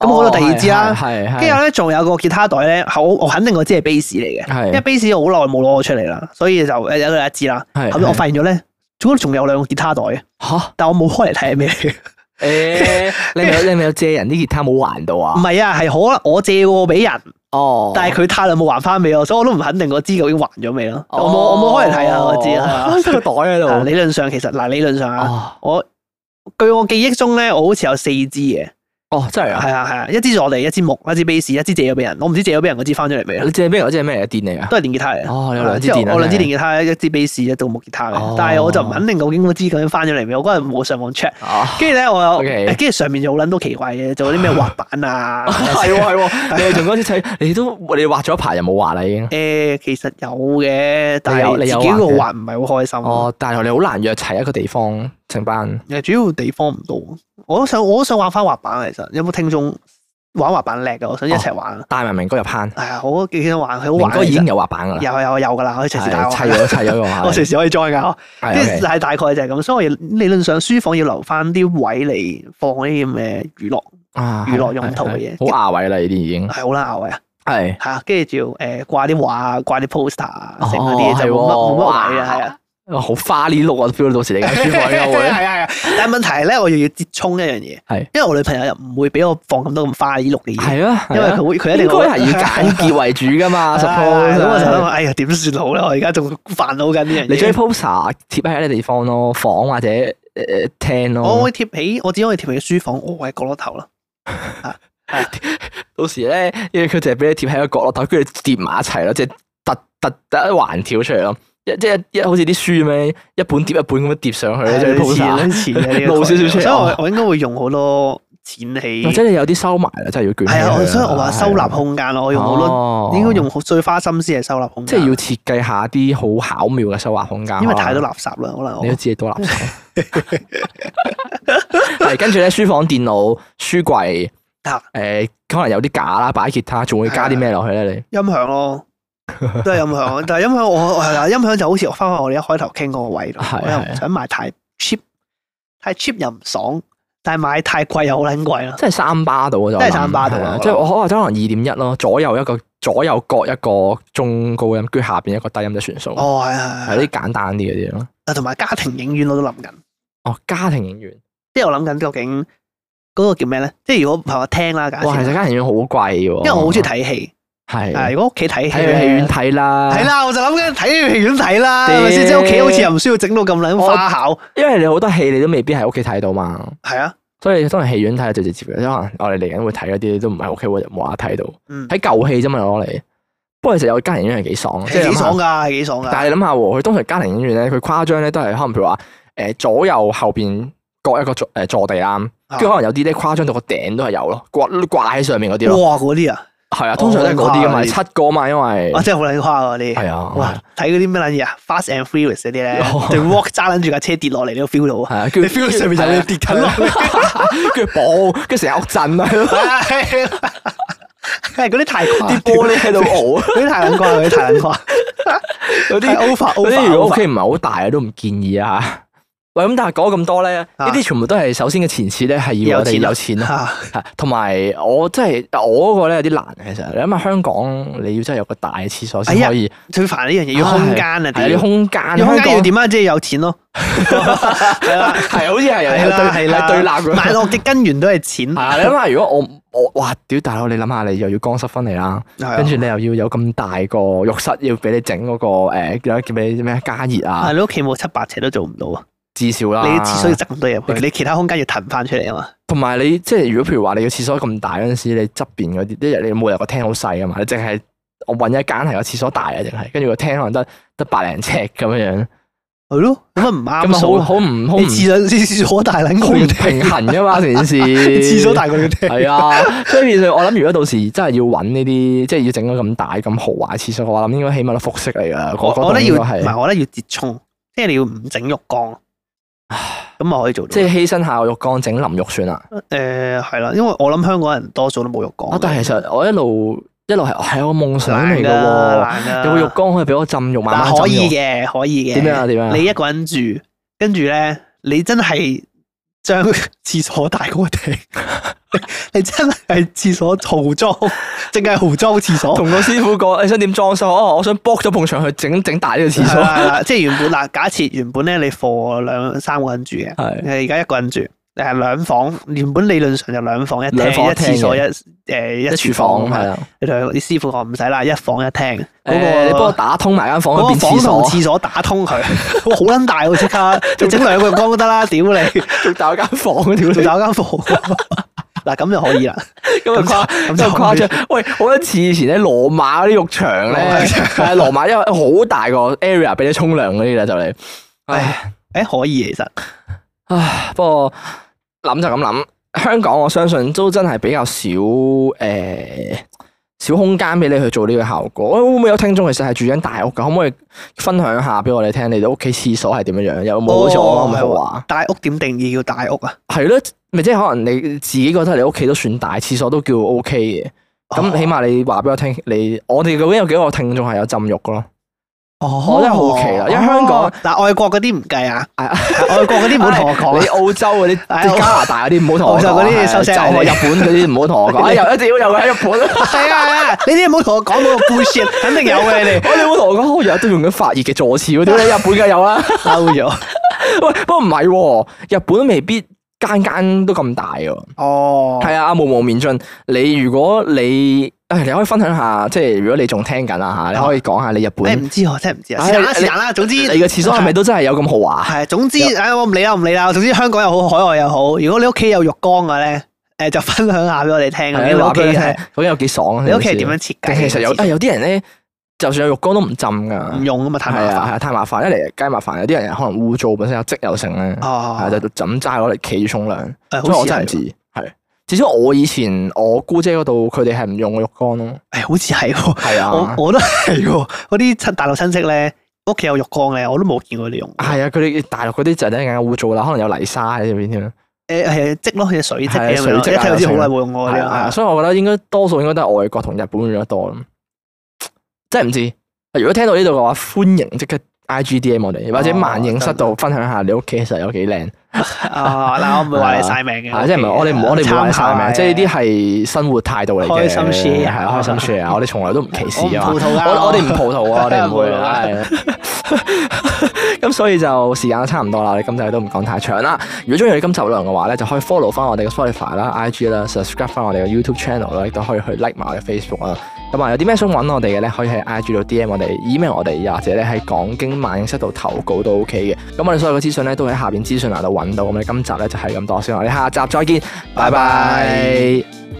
咁好咗第二支啦。係跟住咧，仲有個吉他袋咧，好我肯定我支係 s 斯嚟嘅。係。因為貝 s 我好耐冇攞我出嚟啦，所以就有一支啦。係。後我發現咗咧，總之仲有兩吉他袋嘅。吓！但我冇開嚟睇係咩嚟。誒、欸， 你咪有你咪有借人啲吉他冇還到啊？唔係啊，係可我借過畀人，哦，但係佢太耐冇還翻畀我，所以我都唔肯定個資料究竟還咗未咯。我冇我冇開嚟睇啊，我知啊，喺個袋喺度。理論上其實嗱，理論上啊，我據我記憶中咧，我好似有四支嘢。哦，真係啊，係啊，係啊，一支我哋，一支木，一支貝斯，一支借咗俾人，我唔知借咗俾人嗰支翻咗嚟未？你借俾人嗰支係咩？電嚟噶？都係電吉他嚟。哦，你有兩支電。即係我兩支電吉他，一支貝斯，一支木吉他嘅。但係我就唔肯定究竟嗰支究竟翻咗嚟未？我嗰日冇上網 check，跟住咧我，跟住上面又攇到奇怪嘢，就啲咩滑板啊？係喎係喎，你仲嗰啲睇，你都你畫咗一排又冇畫啦已經。誒，其實有嘅，但係你自己個畫唔係好開心。哦，但係你好難約齊一個地方。成班，其實主要地方唔多。我都想我都想玩翻滑板，其實有冇聽眾玩滑板叻嘅？我想一齊玩啊！大文明哥入坑，啊，我好幾想玩，佢好明已經有滑板啦，有有有噶啦，我隨時教我隨時可以 join 噶。係，即係大概就係咁，所以我理論上書房要留翻啲位嚟放啲咁嘅娛樂啊娛樂用途嘅嘢，好牙位啦，呢啲已經係好啦，牙位啊，係吓，跟住就誒，掛啲畫，掛啲 poster 啊，剩嗰啲就冇乜冇乜位啊，係啊。好花呢碌啊！feel 到到時你嘅書房又會係係啊！但係問題咧，我又要接衝一樣嘢係，因為我女朋友又唔會俾我放咁多咁花呢碌嘅嘢。係啊，因為佢會佢一定應該係以簡潔為主噶嘛。Suppose 咁我就諗，哎呀，點算好咧？我而家仲煩惱緊呢樣嘢。你將 poster 貼喺你地方咯，房或者誒廳咯。我會貼喺我只可以貼喺書房屋嘅角落頭咯。到時咧，因為佢淨係俾你貼喺個角落頭，跟住疊埋一齊咯，即係突突突一橫跳出嚟咯。即係一好似啲書咁樣，一本疊一本咁樣疊上去，即係鋪晒錢少呢啲，所以我我應該會用好多錢器，或者你有啲收埋啦，即係要卷嘅。係啊，所以我話收納空間咯，我用好多，應該用最花心思係收納空間，即係要設計下啲好巧妙嘅收納空間。因為太多垃圾啦，可能你都知係多垃圾。係跟住咧，書房、電腦、書櫃誒，可能有啲架啦，擺吉他仲會加啲咩落去咧？你音響咯。都係音響，但係因為我係啦，音響就好似翻返我哋一開頭傾嗰個位咯。我又唔想買太 cheap，太 cheap 又唔爽，但係買太貴又好撚貴咯。即係三巴度就，即係三巴度，啊。即係我可能二點一咯，左右一個，左右各一個中高音，跟住下邊一個低音就算數。哦，係係係，係啲簡單啲嘅嘢咯。同埋家庭影院我都諗緊。哦，家庭影院，即係我諗緊究竟嗰個叫咩咧？即係如果係我聽啦，其實家庭影院好貴嘅，因為我好中意睇戲。係係，如果屋企睇，睇去戲院睇啦。係啦，我就諗緊睇去戲院睇啦，係咪先？即屋企好似又唔需要整到咁捻花巧。因為你好多戲，你都未必喺屋企睇到嘛。係啊，所以通常戲院睇就直接嘅。可能我哋嚟緊會睇嗰啲，都唔係屋企冇話睇到。喺舊戲啫嘛，攞嚟。不過其實有家庭影院係幾爽，係幾爽噶幾爽噶。但係你諗下，佢通常家庭影院咧，佢誇張咧，都係可能譬如話，誒，左右後邊各一個坐誒坐地啦。跟住可能有啲咧誇張到個頂都係有咯，掛掛喺上面嗰啲咯。哇，嗰啲啊！係啊，通常都係嗰啲噶嘛，七個嘛，因為我真係好卵誇嗰啲，係啊，哇，睇嗰啲咩卵嘢啊，Fast and Furious 嗰啲咧，定 walk 揸捻住架車跌落嚟都要 feel 到吓，你 feel 到上面就要跌緊落，跟住補，跟住成日屋震啊，係嗰啲太誇張，跌波都喺度嘔，嗰啲太卵誇，嗰啲太卵誇，嗰啲 over，嗰啲如果屋企唔係好大啊，都唔建議啊。喂，咁但係講咁多咧，呢啲全部都係首先嘅前設咧，係要我哋有錢啦，同埋、啊、我真係我嗰個咧有啲難，其實你諗下香港，你要真係有個大廁所先可以、哎、最煩呢樣嘢，要空間啊，啲、啊、空間，空間要點啊，即係說、啊就是、有錢咯，係 了 啦，係好似係係啦，係啦，對立嘅，但係我嘅根源都係錢、啊、你諗下，如果我我哇屌大佬，你諗下，你又要乾濕分離啦，跟住、啊、你又要有咁大個浴室要俾你整嗰、那個誒，有、呃、叫你咩加熱啊？你屋企冇七八尺都做唔到啊！至少啦，你廁所要執咁多嘢，你其他空間要騰翻出嚟啊你、嗯、嘛。同埋你即係如果譬如話你個廁所咁大嗰陣時，你側邊嗰啲啲你冇有個廳好細啊，嘛，淨係我搵一間係個廁所大啊，淨係跟住個廳可能得得百零尺咁樣樣。係咯，咁樣唔啱數，好唔好？你廁廁所大，另一個平衡噶嘛，成件事廁所大個廳係啊。所以其實我諗如果到時真係要搵呢啲，即係要整到咁大咁豪華廁所，我諗應該起碼都複式嚟噶。我我覺得要唔係，我覺得要折衝，即係你要唔整浴缸。咁我可以做到，即係犧牲下我浴缸整淋浴算啦。誒、呃，係啦，因為我諗香港人多數都冇浴缸。但係其實我一路一路係係一個夢想嚟噶喎，有個浴缸可以俾我浸浴，慢慢可以嘅，可以嘅。點樣啊？點樣、啊？你一個人住，跟住咧，你真係。將廁所大過地，你，你真係係廁所豪裝，淨係豪裝廁所。同個 師傅講，你想點裝修？哦，我想剝咗埲牆，去整整大呢個廁所。即係原本嗱， 假設原本咧你放兩三個人住嘅，係而家一個人住。誒，兩房原本理論上就兩房一廳一廁所一誒一廚房，係啊，同啲師傅話唔使啦，一房一廳，嗰你幫我打通埋間房變廁所，廁所打通佢，好撚大喎！即刻，就整兩個缸都得啦，屌你，仲大間房，屌你，仲大間房，嗱咁就可以啦，咁就誇張，咁就誇張。喂，好諗似以前咧羅馬嗰啲浴場咧，係羅馬因為好大個 area 俾你沖涼嗰啲咧就嚟，唉，誒可以其實，啊，不過。諗就咁諗，香港我相信都真係比較少誒，少、呃、空間俾你去做呢個效果。可唔可以有聽眾其實係住喺大屋噶？可唔可以分享下俾我哋聽，你哋屋企廁所係點樣樣？有冇、哦、好似我話？大屋點定義叫大屋啊？係咯，咪即係可能你自己覺得你屋企都算大，廁所都叫 OK 嘅。咁起碼你話俾我聽，哦、你我哋究竟有幾多個聽眾係有浸浴噶咯？哦，我真係好奇啦，因為香港嗱外國嗰啲唔計啊，外國嗰啲唔好同我講，你澳洲嗰啲、加拿大嗰啲唔好同我講，就嗰啲收聲，我日本嗰啲唔好同我講，有一定要有嘅喺日本，係啊，你哋唔好同我講冇咁 bullshit，肯定有嘅你哋，我哋唔好同我講，我日日都用緊發熱嘅坐廁，點解日本嘅有啦？收咗，喂，不過唔係，日本未必。間間都咁大哦，係啊，阿毛毛面俊，你如果你，誒，你可以分享下，即係如果你仲聽緊啦吓，你可以講下你日本。誒，唔知我真係唔知啊，時間啦，時間啦，總之你個廁所係咪都真係有咁豪華？係，總之，哎，我唔理啦，唔理啦，總之香港又好，海外又好，如果你屋企有浴缸嘅咧，誒，就分享下俾我哋聽啊，你屋企，好似有幾爽啊！你屋企係點樣設計？其實有有啲人咧。就算有浴缸都唔浸噶，唔用啊嘛，太麻煩。係啊，太麻煩。一嚟梗係麻煩，有啲人可能污糟，本身有積又性咧。哦，就枕扎攞嚟企住沖涼，誒，好似係，係至少我以前我姑姐嗰度，佢哋係唔用個浴缸咯。誒，好似係，係啊，我都係，嗰啲親大陸親戚咧，屋企有浴缸嘅，我都冇見過你用。係啊，佢哋大陸嗰啲就真係更加污糟啦，可能有泥沙喺入邊添。誒，係積咯，只水積水積，我知好耐冇用過，所以我覺得應該多數應該都係外國同日本用得多。真係唔知，如果聽到呢度嘅話，歡迎即刻 IGDM 我哋，或者萬影室度分享下你屋企其實有幾靚。啊嗱，我唔會話你晒命嘅，即係唔係我哋唔我哋唔話晒命，即係呢啲係生活態度嚟嘅，開心係開心 share 我哋從來都唔歧視啊，我哋唔葡萄啊，我哋唔會係。咁所以就時間都差唔多啦，你今日都唔講太長啦。如果中意你今集內容嘅話咧，就可以 follow 翻我哋嘅 Facebook 啦、IG 啦、subscribe 翻我哋嘅 YouTube Channel 啦，亦都可以去 like 埋我嘅 Facebook 啦。咁啊，有啲咩想揾我哋嘅咧，可以喺 IG 度 DM 我哋，email 我哋，或者咧喺講經萬應室度投稿都 OK 嘅。咁我哋所有嘅資訊咧，都喺下邊資訊欄度。揾到咁，你今集咧就係咁多先。我哋下集再見，拜拜。